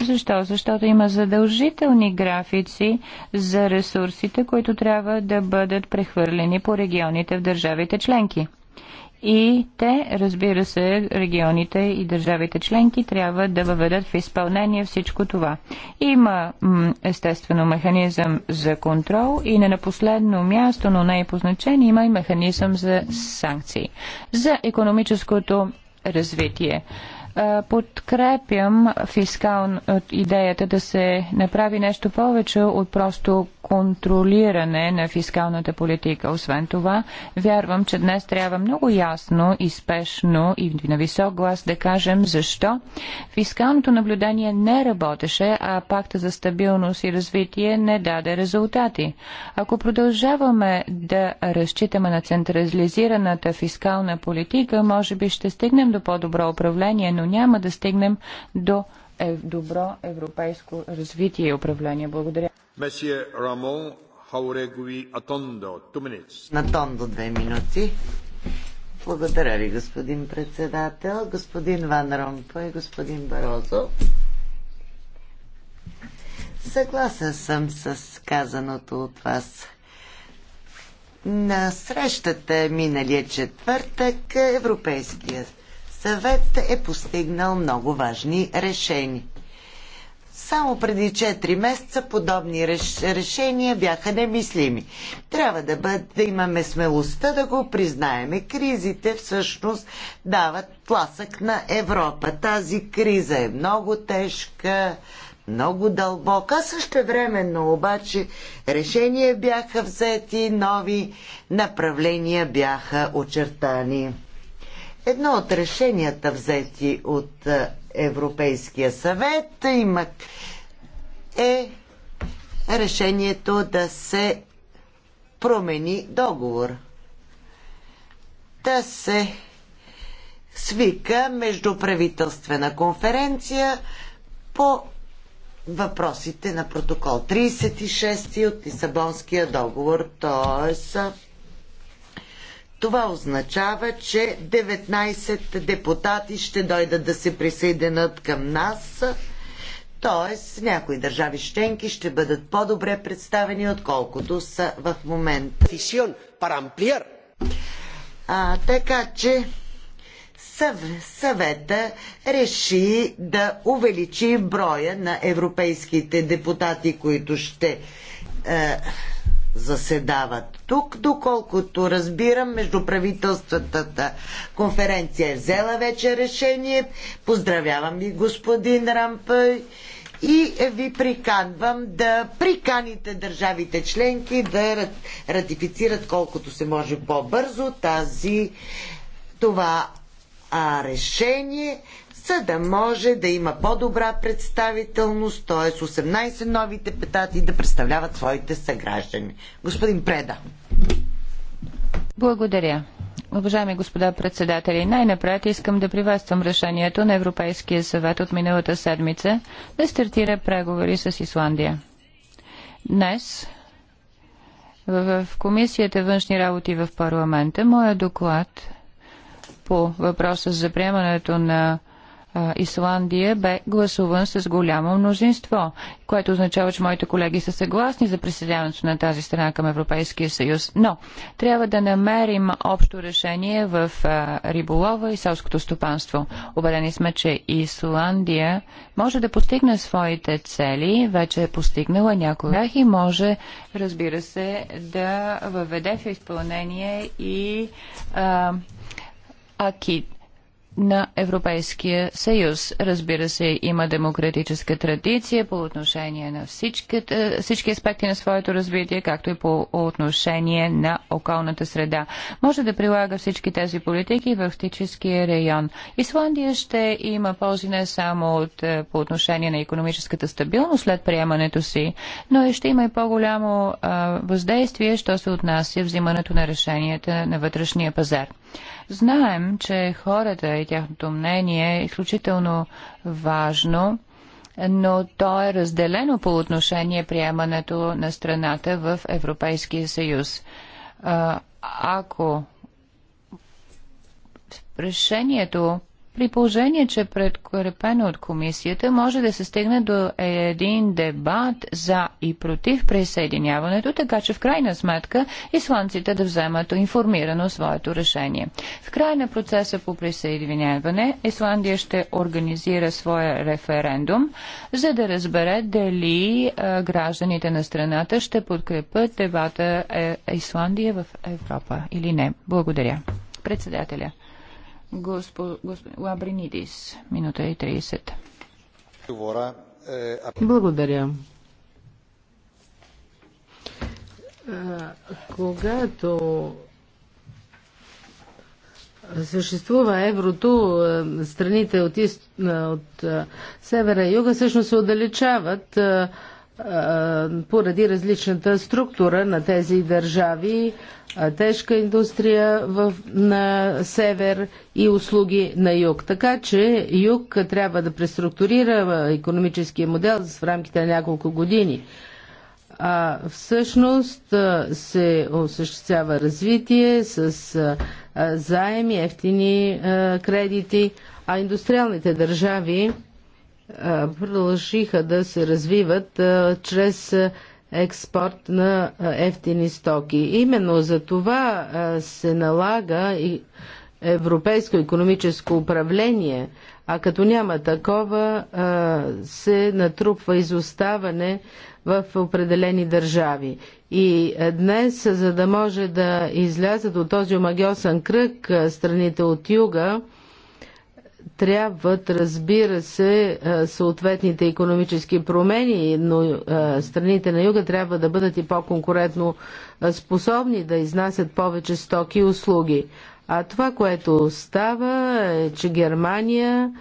Защо? Защото има задължителни графици за ресурсите, които трябва да бъдат прехвърлени по регионите в държавите членки. И те, разбира се, регионите и държавите членки трябва да въведат в изпълнение всичко това. Има естествено механизъм за контрол и не на последно място, но не е по значение, има и механизъм за санкции. За економическото развитие. Е, подкрепям фискал, е, идеята да се направи нещо повече от просто контролиране на фискалната политика. Освен това, вярвам, че днес трябва много ясно и спешно и на висок глас да кажем защо фискалното наблюдение не работеше, а пакта за стабилност и развитие не даде резултати. Ако продължаваме да разчитаме на централизираната фискална политика, може би ще стигнем до по-добро управление, но няма да стигнем до е добро европейско развитие и управление. Благодаря. Месие Рамон Хаурегови Атондо, на минути. Натондо, минути. Благодаря ви, господин председател, господин Ван Ромпо и господин Барозо. Съгласен съм с казаното от вас. На срещата миналия четвъртък Европейският съвет е постигнал много важни решения. Само преди 4 месеца подобни решения бяха немислими. Трябва да, бъд, да имаме смелостта да го признаеме. Кризите всъщност дават тласък на Европа. Тази криза е много тежка, много дълбока. Също времено обаче решения бяха взети, нови направления бяха очертани. Едно от решенията взети от е, Европейския съвет има е решението да се промени договор. Да се свика междуправителствена конференция по въпросите на протокол 36 от Лисабонския договор, т.е. Това означава, че 19 депутати ще дойдат да се присъединят към нас. Тоест, някои държави щенки ще бъдат по-добре представени, отколкото са в момента. А, така че съв, съвета реши да увеличи броя на европейските депутати, които ще е, заседават тук. Доколкото разбирам, правителствата конференция е взела вече решение. Поздравявам ви, господин Рампъй и ви приканвам да приканите държавите членки да ратифицират колкото се може по-бързо тази това а, решение, за да може да има по-добра представителност, т.е. 18 нови депутати да представляват своите съграждани. Господин Преда. Благодаря. Уважаеми господа председатели, най-напред искам да приветствам решението на Европейския съвет от миналата седмица да стартира преговори с Исландия. Днес в Комисията външни работи в парламента моя доклад по въпроса за приемането на Исландия бе гласуван с голямо мнозинство, което означава, че моите колеги са съгласни за присъединяването на тази страна към Европейския съюз. Но трябва да намерим общо решение в риболова и селското стопанство. Обедени сме, че Исландия може да постигне своите цели, вече е постигнала някои тях и може, разбира се, да въведе в изпълнение и а, акит на Европейския съюз. Разбира се, има демократическа традиция по отношение на всички, е, всички аспекти на своето развитие, както и по отношение на околната среда. Може да прилага всички тези политики в Тическия район. Исландия ще има ползи не само от, е, по отношение на економическата стабилност след приемането си, но и ще има и по-голямо е, въздействие, що се отнася взимането на решенията на вътрешния пазар. Знаем, че хората и тяхното мнение е изключително важно, но то е разделено по отношение приемането на страната в Европейския съюз. Ако решението при положение, че е предкрепено от комисията може да се стигне до един дебат за и против присъединяването, така че в крайна сметка исландците да вземат информирано своето решение. В край на процеса по присъединяване Исландия ще организира своя референдум, за да разбере дали е, гражданите на страната ще подкрепят дебата е, Исландия в Европа или не. Благодаря. Председателя. Госпо, Лабринидис, минута и 30. Благодаря. Когато съществува еврото, страните от, из... от севера и юга всъщност се отдалечават поради различната структура на тези държави, тежка индустрия в, на север и услуги на юг. Така че юг трябва да преструктурира економическия модел в рамките на няколко години. А всъщност се осъществява развитие с заеми, ефтини кредити, а индустриалните държави продължиха да се развиват чрез експорт на ефтини стоки. Именно за това се налага и европейско економическо управление, а като няма такова, се натрупва изоставане в определени държави. И днес, за да може да излязат от този омагиосен кръг страните от юга, трябват, разбира се, е, съответните економически промени, но е, страните на юга трябва да бъдат и по-конкурентно е, способни да изнасят повече стоки и услуги. А това, което става, е, че Германия,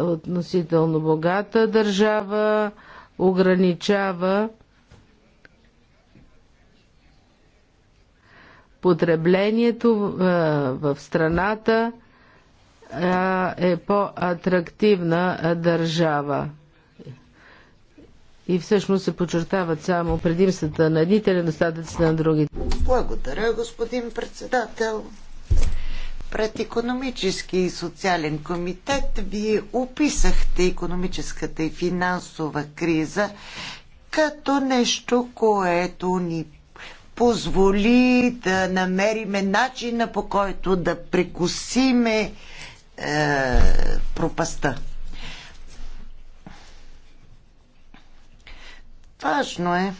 относително богата държава, ограничава потреблението в страната, е по-атрактивна държава. И всъщност се подчертават само предимствата на едните или недостатъците на другите. Благодаря, господин председател. Пред економически и социален комитет вие описахте економическата и финансова криза като нещо, което ни позволи да намериме начина по който да прекусиме е, пропаста. Важно е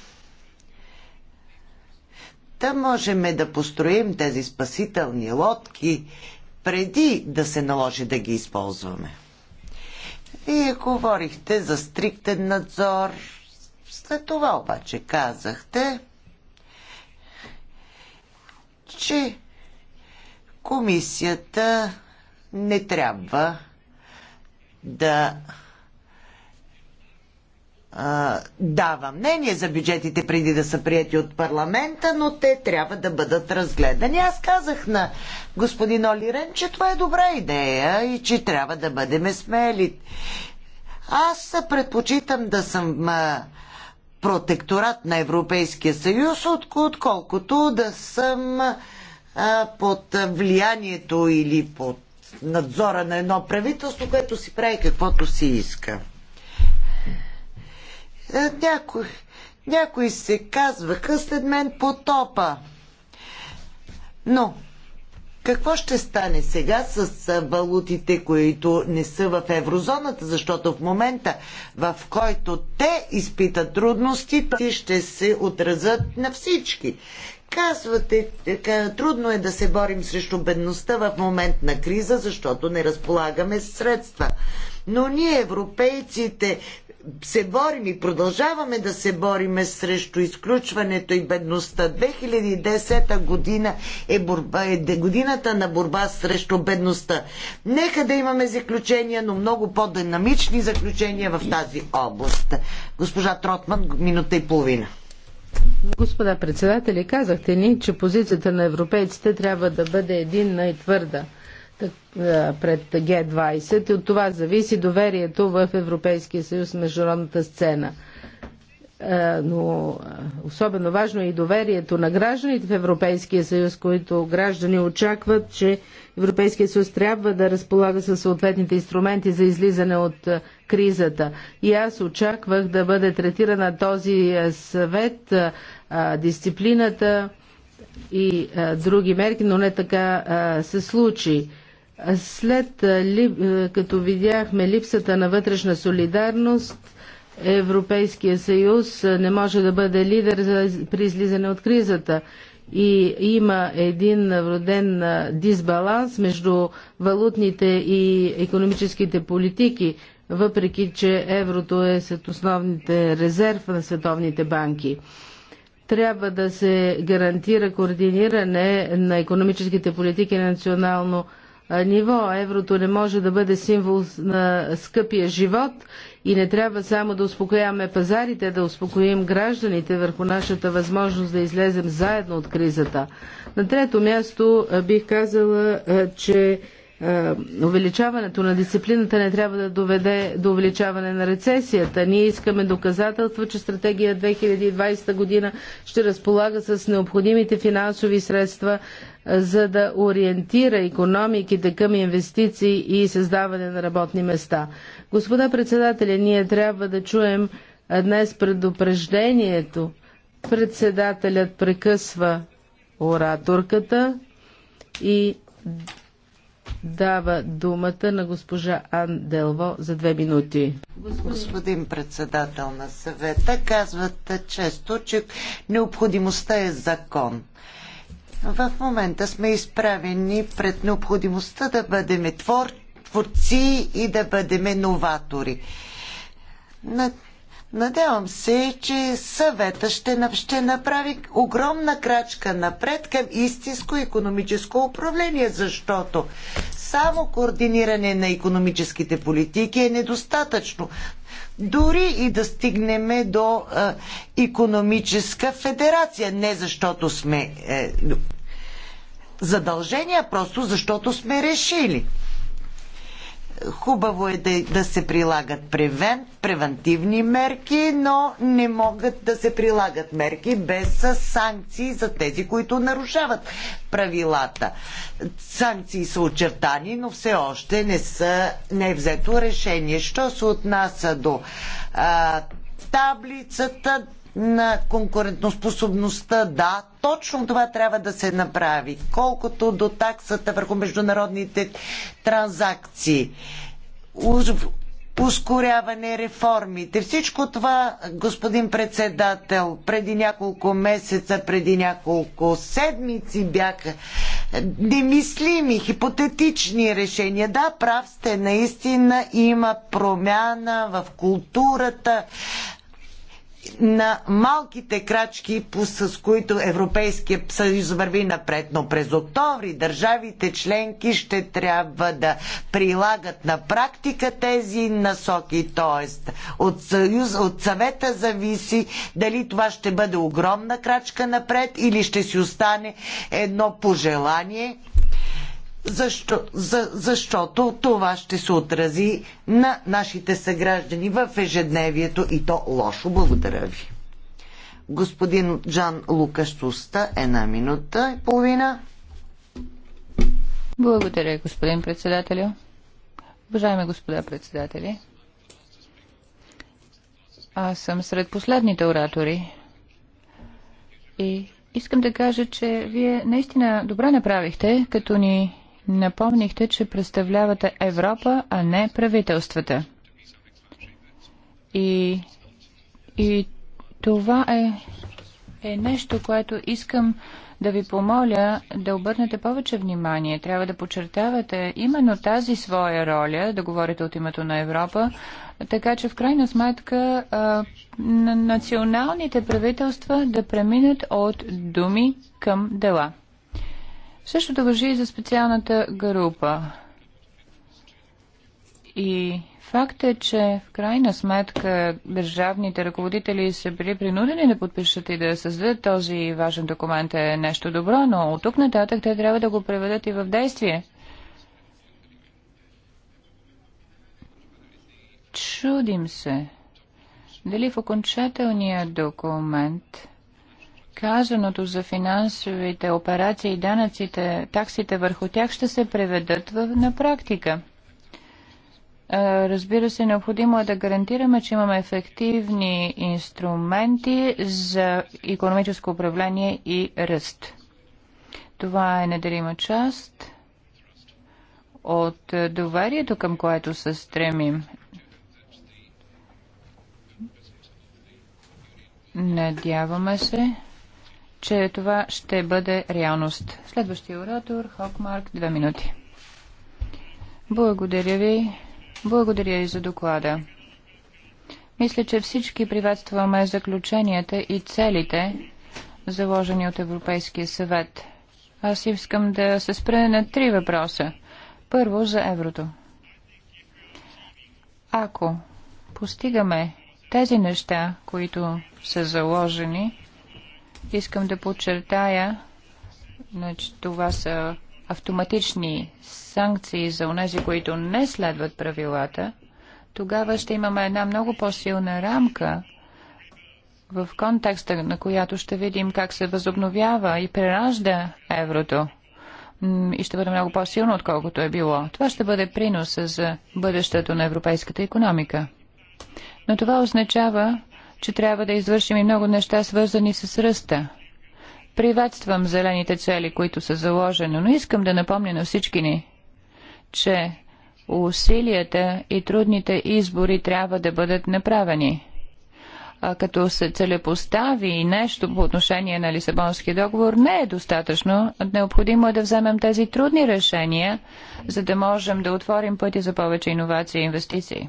да можем да построим тези спасителни лодки преди да се наложи да ги използваме. Вие говорихте за стриктен надзор. След това обаче казахте, че комисията не трябва да дава мнение за бюджетите преди да са прияти от парламента, но те трябва да бъдат разгледани. Аз казах на господин Олирен, че това е добра идея и че трябва да бъдем смели. Аз предпочитам да съм протекторат на Европейския съюз, отколкото да съм под влиянието или под надзора на едно правителство, което си прави каквото си иска. Е, Някои, някой се казваха след мен потопа. Но какво ще стане сега с валутите, които не са в еврозоната, защото в момента, в който те изпитат трудности, те ще се отразят на всички. Казвате, трудно е да се борим срещу бедността в момент на криза, защото не разполагаме средства. Но ние, европейците, се борим и продължаваме да се бориме срещу изключването и бедността. 2010 година е, борба, е годината на борба срещу бедността. Нека да имаме заключения, но много по-динамични заключения в тази област. Госпожа Тротман, минута и половина. Господа председатели, казахте ни, че позицията на европейците трябва да бъде единна и твърда пред Г-20 и от това зависи доверието в Европейския съюз, международната сцена – е, но е, особено важно е и доверието на гражданите в Европейския съюз, които граждани очакват, че Европейския съюз трябва да разполага със съответните инструменти за излизане от е, кризата. И аз очаквах да бъде третирана този съвет, дисциплината и други мерки, но не така се случи. След като видяхме липсата на вътрешна солидарност, Европейския съюз не може да бъде лидер за, при излизане от кризата. И има един вроден дисбаланс между валутните и економическите политики, въпреки че еврото е сред основните резерв на световните банки. Трябва да се гарантира координиране на економическите политики на национално ниво. Еврото не може да бъде символ на скъпия живот и не трябва само да успокояваме пазарите, да успокоим гражданите върху нашата възможност да излезем заедно от кризата. На трето място бих казала, че е, увеличаването на дисциплината не трябва да доведе до увеличаване на рецесията. Ние искаме доказателства, че стратегия 2020 година ще разполага с необходимите финансови средства, е, за да ориентира економиките към инвестиции и създаване на работни места. Господа председателя, ние трябва да чуем днес предупреждението. Председателят прекъсва ораторката и дава думата на госпожа Ан Делво за две минути. Господин председател на съвета, казват често, че необходимостта е закон. В момента сме изправени пред необходимостта да бъдем твор, творци и да бъдем новатори. На Надявам се, че съвета ще, ще направи огромна крачка напред към истинско економическо управление, защото само координиране на економическите политики е недостатъчно. Дори и да стигнем до а, економическа федерация, не защото сме е, задължения, просто защото сме решили. Хубаво е да, да се прилагат превен, превентивни мерки, но не могат да се прилагат мерки без санкции за тези, които нарушават правилата. Санкции са очертани, но все още не, са, не е взето решение. Що се отнася до а, таблицата, на конкурентоспособността. Да, точно това трябва да се направи. Колкото до таксата върху международните транзакции, ускоряване реформите. Всичко това, господин председател, преди няколко месеца, преди няколко седмици бяха немислими, хипотетични решения. Да, прав сте, наистина има промяна в културата, на малките крачки, с които Европейския съюз върви напред. Но през октомври държавите членки ще трябва да прилагат на практика тези насоки. Тоест, от, съюз, от съвета зависи дали това ще бъде огромна крачка напред или ще си остане едно пожелание защо, за, защото това ще се отрази на нашите съграждани в ежедневието и то лошо. Благодаря ви. Господин Джан Лукаш Суста, една минута и половина. Благодаря, господин председателю. Уважаеми господа председатели, аз съм сред последните оратори и искам да кажа, че вие наистина добре направихте, като ни напомнихте, че представлявате Европа, а не правителствата. И, и това е, е нещо, което искам да ви помоля да обърнете повече внимание. Трябва да подчертавате именно тази своя роля, да говорите от името на Европа, така че в крайна сметка националните правителства да преминат от думи към дела. Същото въжи и за специалната група. И факт е, че в крайна сметка държавните ръководители са били принудени да подпишат и да създадат този важен документ е нещо добро, но от тук нататък те трябва да го преведат и в действие. Чудим се дали в окончателния документ казаното за финансовите операции и данъците, таксите върху тях ще се преведат в, на практика. Разбира се, необходимо е да гарантираме, че имаме ефективни инструменти за економическо управление и ръст. Това е неделима част от доверието, към което се стремим. Надяваме се, че това ще бъде реалност. Следващия оратор, Хокмарк, две минути. Благодаря ви. Благодаря и за доклада. Мисля, че всички приветстваме заключенията и целите, заложени от Европейския съвет. Аз искам да се спра на три въпроса. Първо за еврото. Ако постигаме тези неща, които са заложени, Искам да подчертая, значи това са автоматични санкции за онези, които не следват правилата, тогава ще имаме една много по-силна рамка, в контекста на която ще видим как се възобновява и преражда еврото и ще бъде много по-силно, отколкото е било. Това ще бъде принос за бъдещето на европейската економика. Но това означава, че трябва да извършим и много неща, свързани с ръста. Приветствам зелените цели, които са заложени, но искам да напомня на всички ни, че усилията и трудните избори трябва да бъдат направени. А като се целепостави нещо по отношение на Лисабонския договор, не е достатъчно. Необходимо е да вземем тези трудни решения, за да можем да отворим пъти за повече иновации и инвестиции.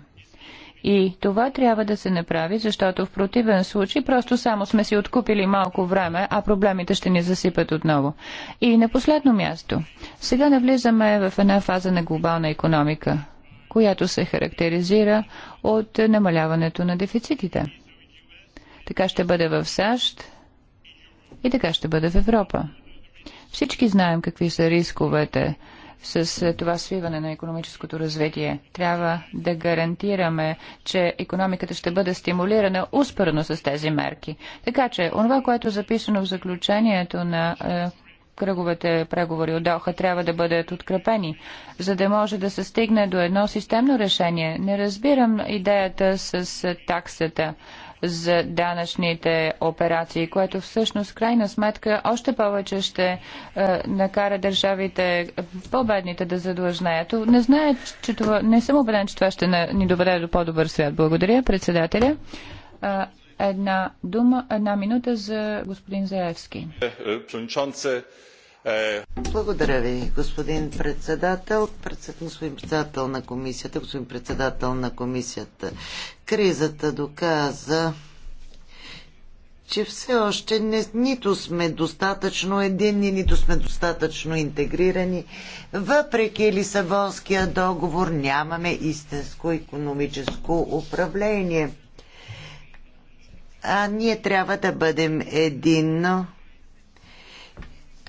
И това трябва да се направи, защото в противен случай просто само сме си откупили малко време, а проблемите ще ни засипат отново. И на последно място. Сега навлизаме в една фаза на глобална економика, която се характеризира от намаляването на дефицитите. Така ще бъде в САЩ и така ще бъде в Европа. Всички знаем какви са рисковете с това свиване на економическото развитие. Трябва да гарантираме, че економиката ще бъде стимулирана успоредно с тези мерки. Така че, онова, което е записано в заключението на е, кръговете преговори от Доха трябва да бъдат открепени, за да може да се стигне до едно системно решение. Не разбирам идеята с е, таксата за данъчните операции, което всъщност крайна сметка още повече ще е, накара държавите по-бедните да задлъжнаят. Не, знае, че това, не съм убеден, че това ще ни доведе до по-добър свят. Благодаря, председателя. Една дума, една минута за господин Заевски. Е, е, благодаря ви, господин председател. Господин председател на комисията, господин председател на комисията. Кризата доказа, че все още не, нито сме достатъчно единни, нито сме достатъчно интегрирани. Въпреки Лисабонския договор нямаме истинско економическо управление. А ние трябва да бъдем единно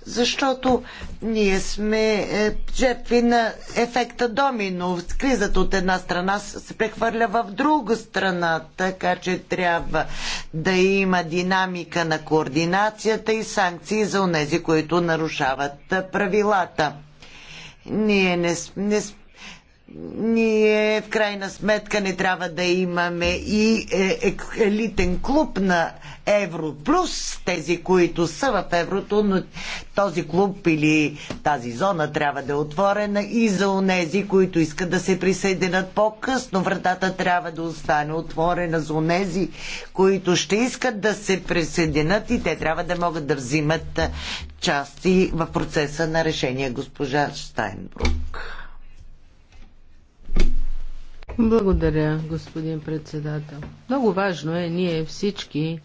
защото ние сме е, жертви на ефекта домино. Кризата от една страна се прехвърля в друга страна, така че трябва да има динамика на координацията и санкции за онези, които нарушават правилата. Ние не, не, ние в крайна сметка не трябва да имаме и е, е, елитен клуб на Евро плюс тези, които са в еврото, но този клуб или тази зона трябва да е отворена и за онези, които искат да се присъединят по-късно. Вратата трябва да остане отворена за онези, които ще искат да се присъединят и те трябва да могат да взимат части в процеса на решение госпожа Штайнбрук. Благодаря, господин председател. Много важно е ние всички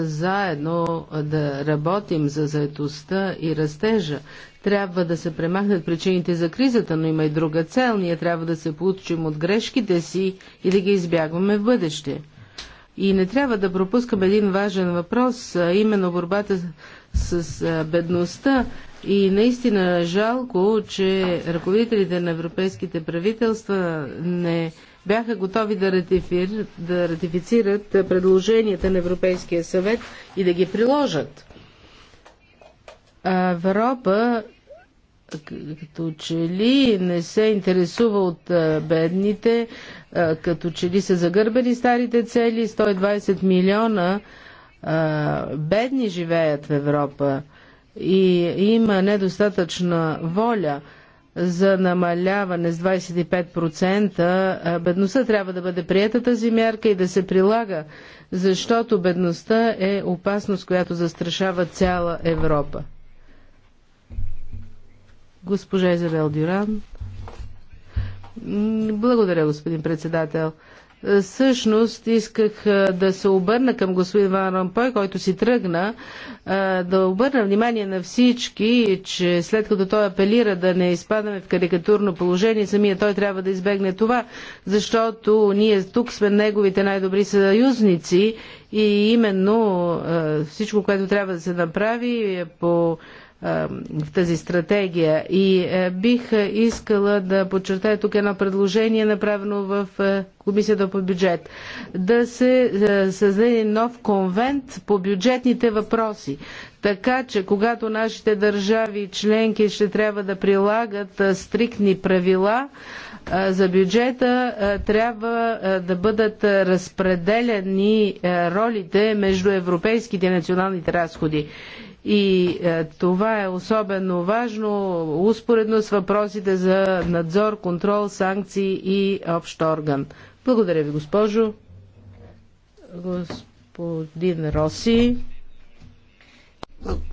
заедно да работим за заедостта и растежа. Трябва да се премахнат причините за кризата, но има и друга цел. Ние трябва да се получим от грешките си и да ги избягваме в бъдеще. И не трябва да пропускам един важен въпрос, а именно борбата с бедността. И наистина жалко, че ръководителите на европейските правителства не бяха готови да, ратифир, да ратифицират предложенията на Европейския съвет и да ги приложат. А Европа като че ли не се интересува от бедните, като че ли са загърбени старите цели, 120 милиона бедни живеят в Европа и има недостатъчна воля за намаляване с 25%, бедността трябва да бъде приета тази мярка и да се прилага, защото бедността е опасност, която застрашава цяла Европа. Госпожа Изабел Дюран. Благодаря, господин председател. Е, всъщност исках е, да се обърна към господин Ван Ромпой, който си тръгна, е, да обърна внимание на всички, че след като той апелира да не изпадаме в карикатурно положение, самия той трябва да избегне това, защото ние тук сме неговите най-добри съюзници и именно всичко, което трябва да се направи е по в тази стратегия. И е, бих искала да подчертая тук едно предложение, направено в е, Комисията по бюджет. Да се е, създаде нов конвент по бюджетните въпроси. Така че, когато нашите държави и членки ще трябва да прилагат стриктни правила, за бюджета трябва да бъдат разпределени ролите между европейските и националните разходи. И е, това е особено важно, успоредно с въпросите за надзор, контрол, санкции и общ орган. Благодаря ви, госпожо. Господин Роси.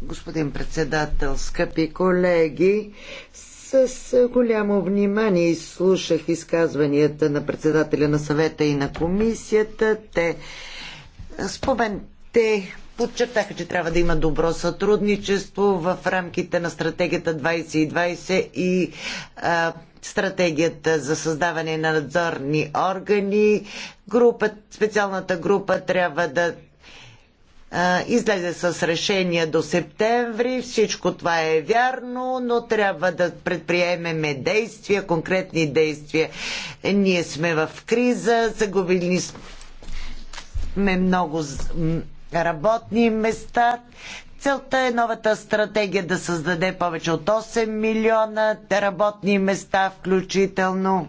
Господин председател, скъпи колеги, с голямо внимание слушах изказванията на председателя на съвета и на комисията. Те, спомен, те подчертаха, че трябва да има добро сътрудничество в рамките на стратегията 2020 и а, стратегията за създаване на надзорни органи. Група, специалната група трябва да излезе с решение до септември. Всичко това е вярно, но трябва да предприемеме действия, конкретни действия. Ние сме в криза, загубили сме много работни места. Целта е новата стратегия да създаде повече от 8 милиона работни места, включително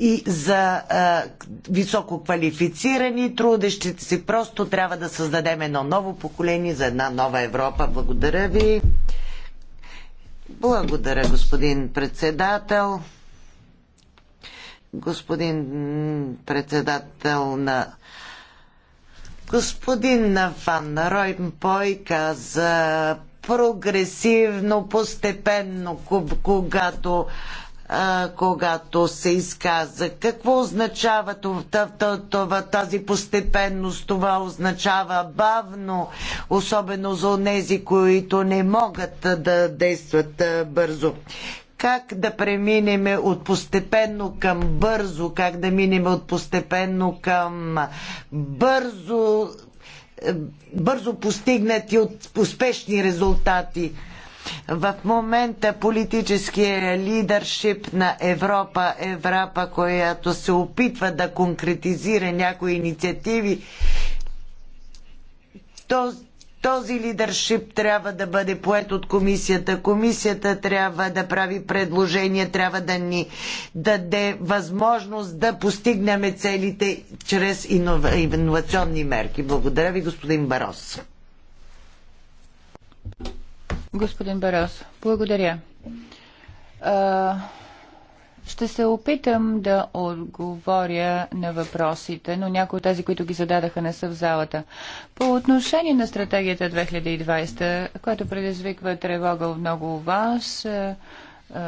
и за а, високо квалифицирани трудещите си. Просто трябва да създадем едно ново поколение за една нова Европа. Благодаря ви. Благодаря, господин председател. Господин председател на Господин Ройм Пойка каза прогресивно, постепенно, когато когато се изказа. Какво означава това, тази постепенност? Това означава бавно, особено за онези, които не могат да действат бързо как да преминем от постепенно към бързо, как да минем от постепенно към бързо, е, бързо постигнати от успешни резултати. В момента политическия лидършип на Европа, Европа, която се опитва да конкретизира някои инициативи, този този лидършип трябва да бъде поет от комисията. Комисията трябва да прави предложения, трябва да ни даде възможност да постигнем целите чрез иновационни мерки. Благодаря ви, господин Барос. Господин Барос, благодаря. Ще се опитам да отговоря на въпросите, но някои от тези, които ги зададаха, не са в залата. По отношение на стратегията 2020, която предизвиква тревога от много у вас, е, е,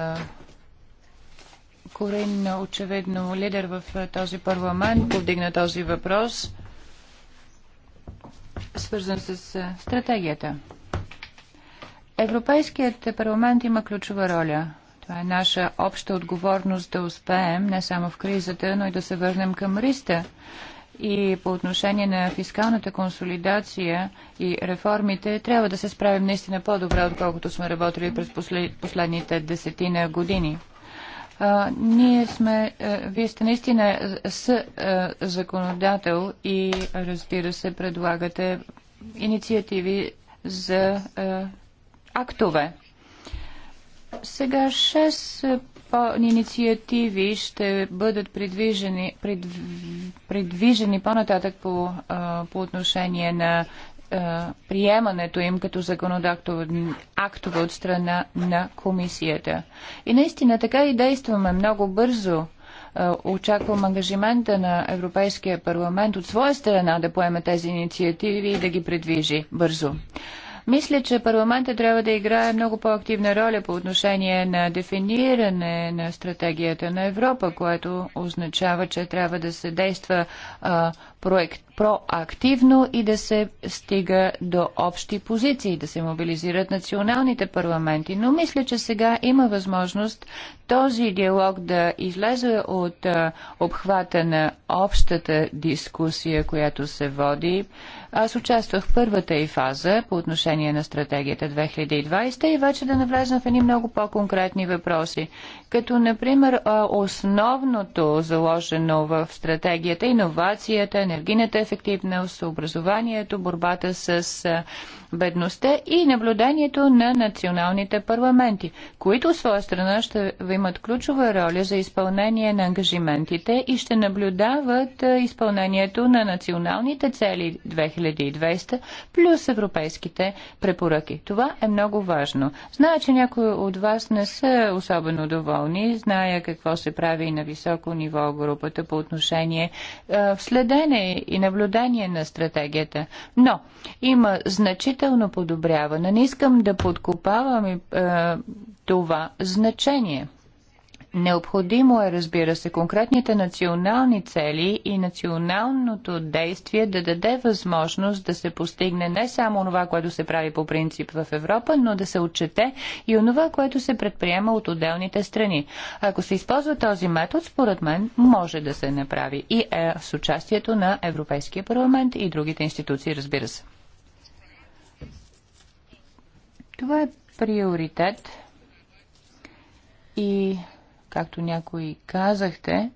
Корин, очевидно лидер в този парламент, повдигна този въпрос, свързан с е, стратегията. Европейският парламент има ключова роля – това е наша обща отговорност да успеем не само в кризата, но и да се върнем към риста. И по отношение на фискалната консолидация и реформите, трябва да се справим наистина по-добре, отколкото сме работили през последните десетина години. А, ние сме, а, вие сте наистина с а, законодател и разбира се предлагате инициативи за а, актове. Сега 6 е, инициативи ще бъдат предвижени, пред, предвижени по-нататък по, по отношение на приемането им като законодателни актове от страна на комисията. И наистина така и действаме много бързо. Очаквам ангажимента на Европейския парламент от своя страна да поеме тези инициативи и да ги предвижи бързо. Мисля, че парламента трябва да играе много по-активна роля по отношение на дефиниране на стратегията на Европа, което означава, че трябва да се действа а, проект, проактивно и да се стига до общи позиции, да се мобилизират националните парламенти. Но мисля, че сега има възможност този диалог да излезе от а, обхвата на общата дискусия, която се води аз участвах в първата и фаза по отношение на стратегията 2020 и вече да навлезна в едни много по-конкретни въпроси. Като, например, основното заложено в стратегията, иновацията, енергийната ефективност, образованието, борбата с бедността и наблюдението на националните парламенти, които от своя страна ще имат ключова роля за изпълнение на ангажиментите и ще наблюдават изпълнението на националните цели 2020 плюс европейските препоръки. Това е много важно. Зная, че някои от вас не са особено доволни. Зная какво се прави и на високо ниво групата по отношение е, в следене и наблюдение на стратегията. Но има значително подобряване. Не искам да подкопавам е, това значение. Необходимо е, разбира се, конкретните национални цели и националното действие да даде възможност да се постигне не само това, което се прави по принцип в Европа, но да се отчете и онова, което се предприема от отделните страни. Ако се използва този метод, според мен, може да се направи и е с участието на Европейския парламент и другите институции, разбира се. Това е приоритет и както някои казахте,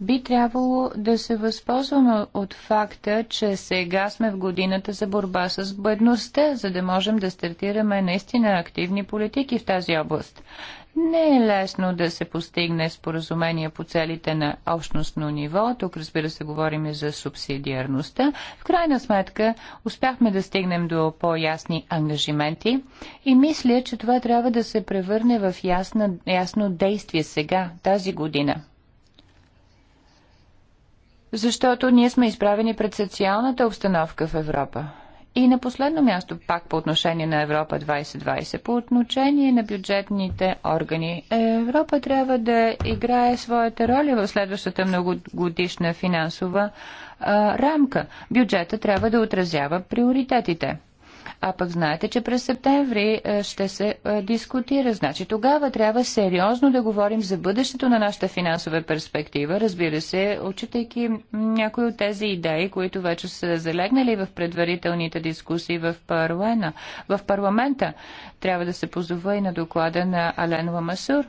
би трябвало да се възползваме от факта, че сега сме в годината за борба с бедността, за да можем да стартираме наистина активни политики в тази област. Не е лесно да се постигне споразумение по целите на общностно ниво. Тук, разбира се, говорим и за субсидиарността. В крайна сметка, успяхме да стигнем до по-ясни ангажименти и мисля, че това трябва да се превърне в ясна, ясно действие сега, тази година защото ние сме изправени пред социалната обстановка в Европа. И на последно място, пак по отношение на Европа 2020, по отношение на бюджетните органи, Европа трябва да играе своята роля в следващата многогодишна финансова а, рамка. Бюджета трябва да отразява приоритетите. А пък знаете, че през септември е, ще се е, дискутира. Значи тогава трябва сериозно да говорим за бъдещето на нашата финансова перспектива, разбира се, отчитайки някои от тези идеи, които вече са залегнали в предварителните дискусии в, парламента. в парламента. Трябва да се позова и на доклада на Ален Ламасур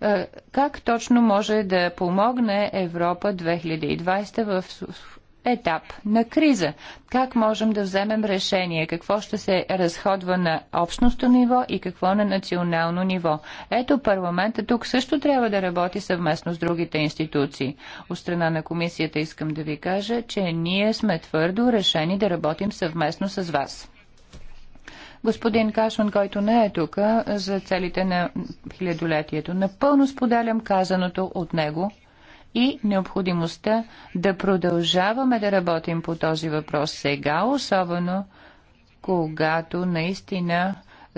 е, как точно може да помогне Европа 2020 в етап на криза. Как можем да вземем решение? Какво ще се разходва на общностно ниво и какво на национално ниво? Ето парламента тук също трябва да работи съвместно с другите институции. От страна на комисията искам да ви кажа, че ние сме твърдо решени да работим съвместно с вас. Господин Кашман, който не е тук за целите на хилядолетието, напълно споделям казаното от него и необходимостта да продължаваме да работим по този въпрос сега, особено когато наистина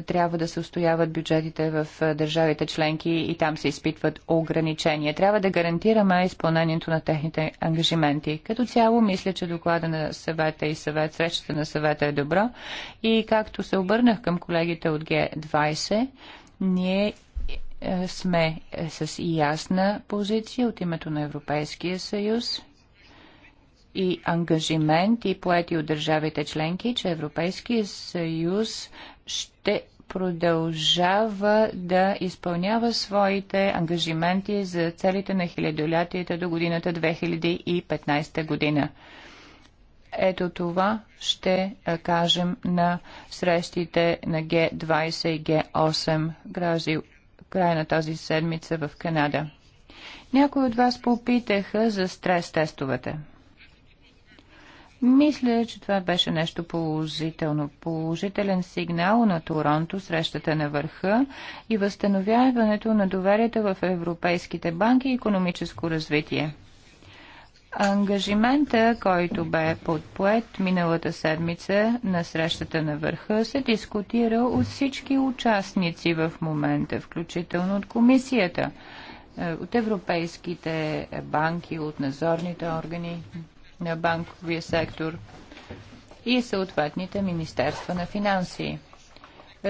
трябва да се устояват бюджетите в държавите членки и там се изпитват ограничения. Трябва да гарантираме изпълнението на техните ангажименти. Като цяло, мисля, че доклада на съвета и съвет, срещата на съвета е добро. И както се обърнах към колегите от Г20, ние е, сме е, с ясна позиция от името на Европейския съюз и ангажимент и поети от държавите членки, че Европейския съюз ще продължава да изпълнява своите ангажименти за целите на хилядолятията до годината 2015 година. Ето това ще е, кажем на срещите на Г20 и Г8. Гражи края на тази седмица в Канада. Някои от вас попитаха за стрес-тестовете. Мисля, че това беше нещо положително. Положителен сигнал на Торонто, срещата на върха и възстановяването на доверието в европейските банки и економическо развитие. Ангажимента, който бе подпоет миналата седмица на срещата на върха, се дискутира от всички участници в момента, включително от комисията, е, от европейските банки, от надзорните органи на банковия сектор и съответните Министерства на финанси.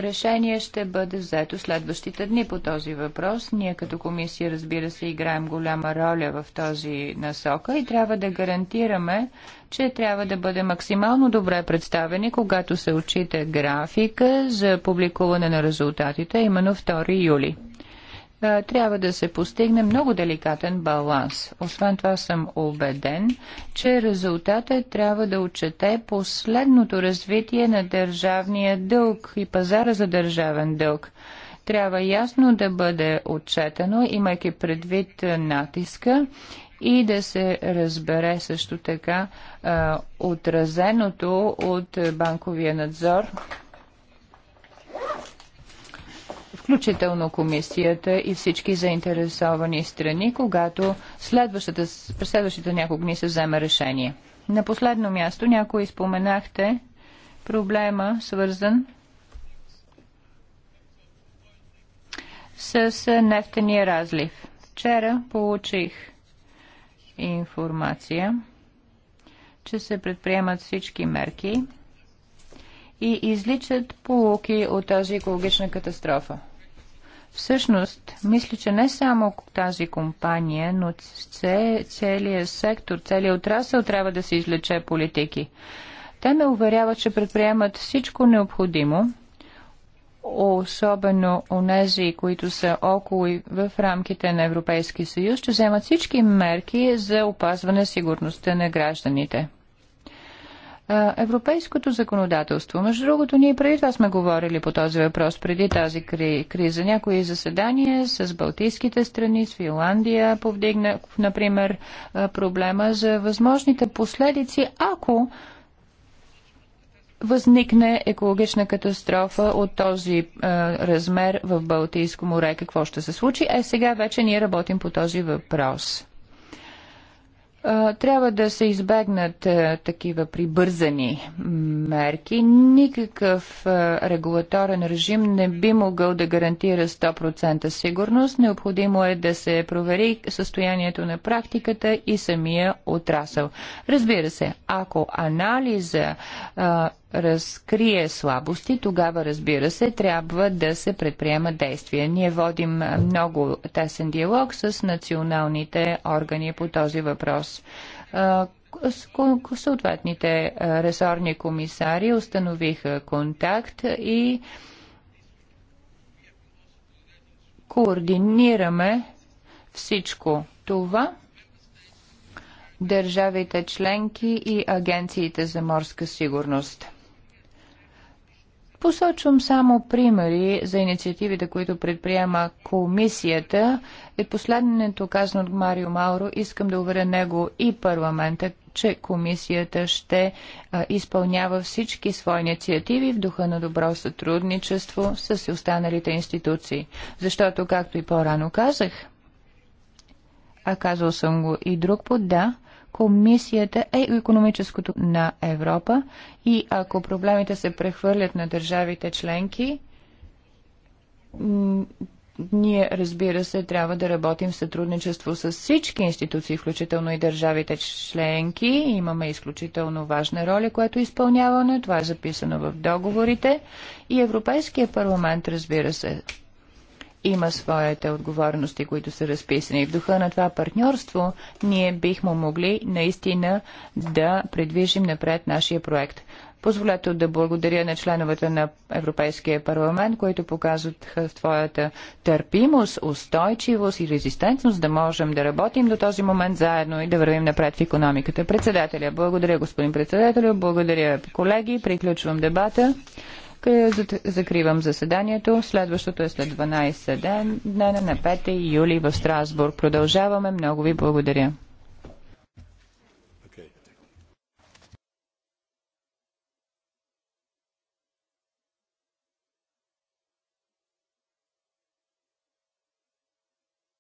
Решение ще бъде взето следващите дни по този въпрос. Ние като комисия, разбира се, играем голяма роля в този насока и трябва да гарантираме, че трябва да бъде максимално добре представени, когато се отчита графика за публикуване на резултатите, именно 2 юли. Е, трябва да се постигне много деликатен баланс. Освен това съм убеден, че резултатът трябва да отчете последното развитие на държавния дълг и пазара за държавен дълг. Трябва ясно да бъде отчетено, имайки предвид натиска и да се разбере също така е, отразеното от банковия надзор включително комисията и всички заинтересовани страни, когато през следващите няколко дни се вземе решение. На последно място някои споменахте проблема, свързан с нефтения разлив. Вчера получих информация, че се предприемат всички мерки и изличат полуки от тази екологична катастрофа. Всъщност, мисля, че не само тази компания, но целият сектор, целият отрасъл трябва да се излече политики. Те ме уверяват, че предприемат всичко необходимо, особено онези, които са около и в рамките на Европейски съюз, че вземат всички мерки за опазване сигурността на гражданите европейското законодателство. Между другото, ние преди това сме говорили по този въпрос, преди тази кри криза. Някои заседания с балтийските страни, с Финландия повдигна, например, проблема за възможните последици, ако възникне екологична катастрофа от този е, размер в Балтийско море, какво ще се случи? Е, сега вече ние работим по този въпрос. Трябва да се избегнат такива прибързани мерки. Никакъв регулаторен режим не би могъл да гарантира 100% сигурност. Необходимо е да се провери състоянието на практиката и самия отрасъл. Разбира се, ако анализа разкрие слабости, тогава разбира се, трябва да се предприема действия. Ние водим много тесен диалог с националните органи по този въпрос съответните ресорни комисари установиха контакт и координираме всичко това. Държавите членки и агенциите за морска сигурност. Посочвам само примери за инициативите, които предприема комисията. И последното казано от Марио Мауро, искам да уверя него и парламента, че комисията ще а, изпълнява всички свои инициативи в духа на добро сътрудничество с останалите институции. Защото, както и по-рано казах, а казал съм го и друг път, да, комисията е економическото на Европа и ако проблемите се прехвърлят на държавите членки, ние, разбира се, трябва да работим в сътрудничество с всички институции, включително и държавите членки. Имаме изключително важна роля, която изпълняваме. Това е записано в договорите. И Европейския парламент, разбира се, има своите отговорности, които са разписани. В духа на това партньорство ние бихме могли наистина да предвижим напред нашия проект. Позволете да благодаря на членовете на Европейския парламент, които показват твоята търпимост, устойчивост и резистентност да можем да работим до този момент заедно и да вървим напред в економиката. Председателя, благодаря господин председателю, благодаря колеги, приключвам дебата. Закривам заседанието. Следващото е след 12 ден, на 5 юли в Страсбург. Продължаваме. Много ви благодаря.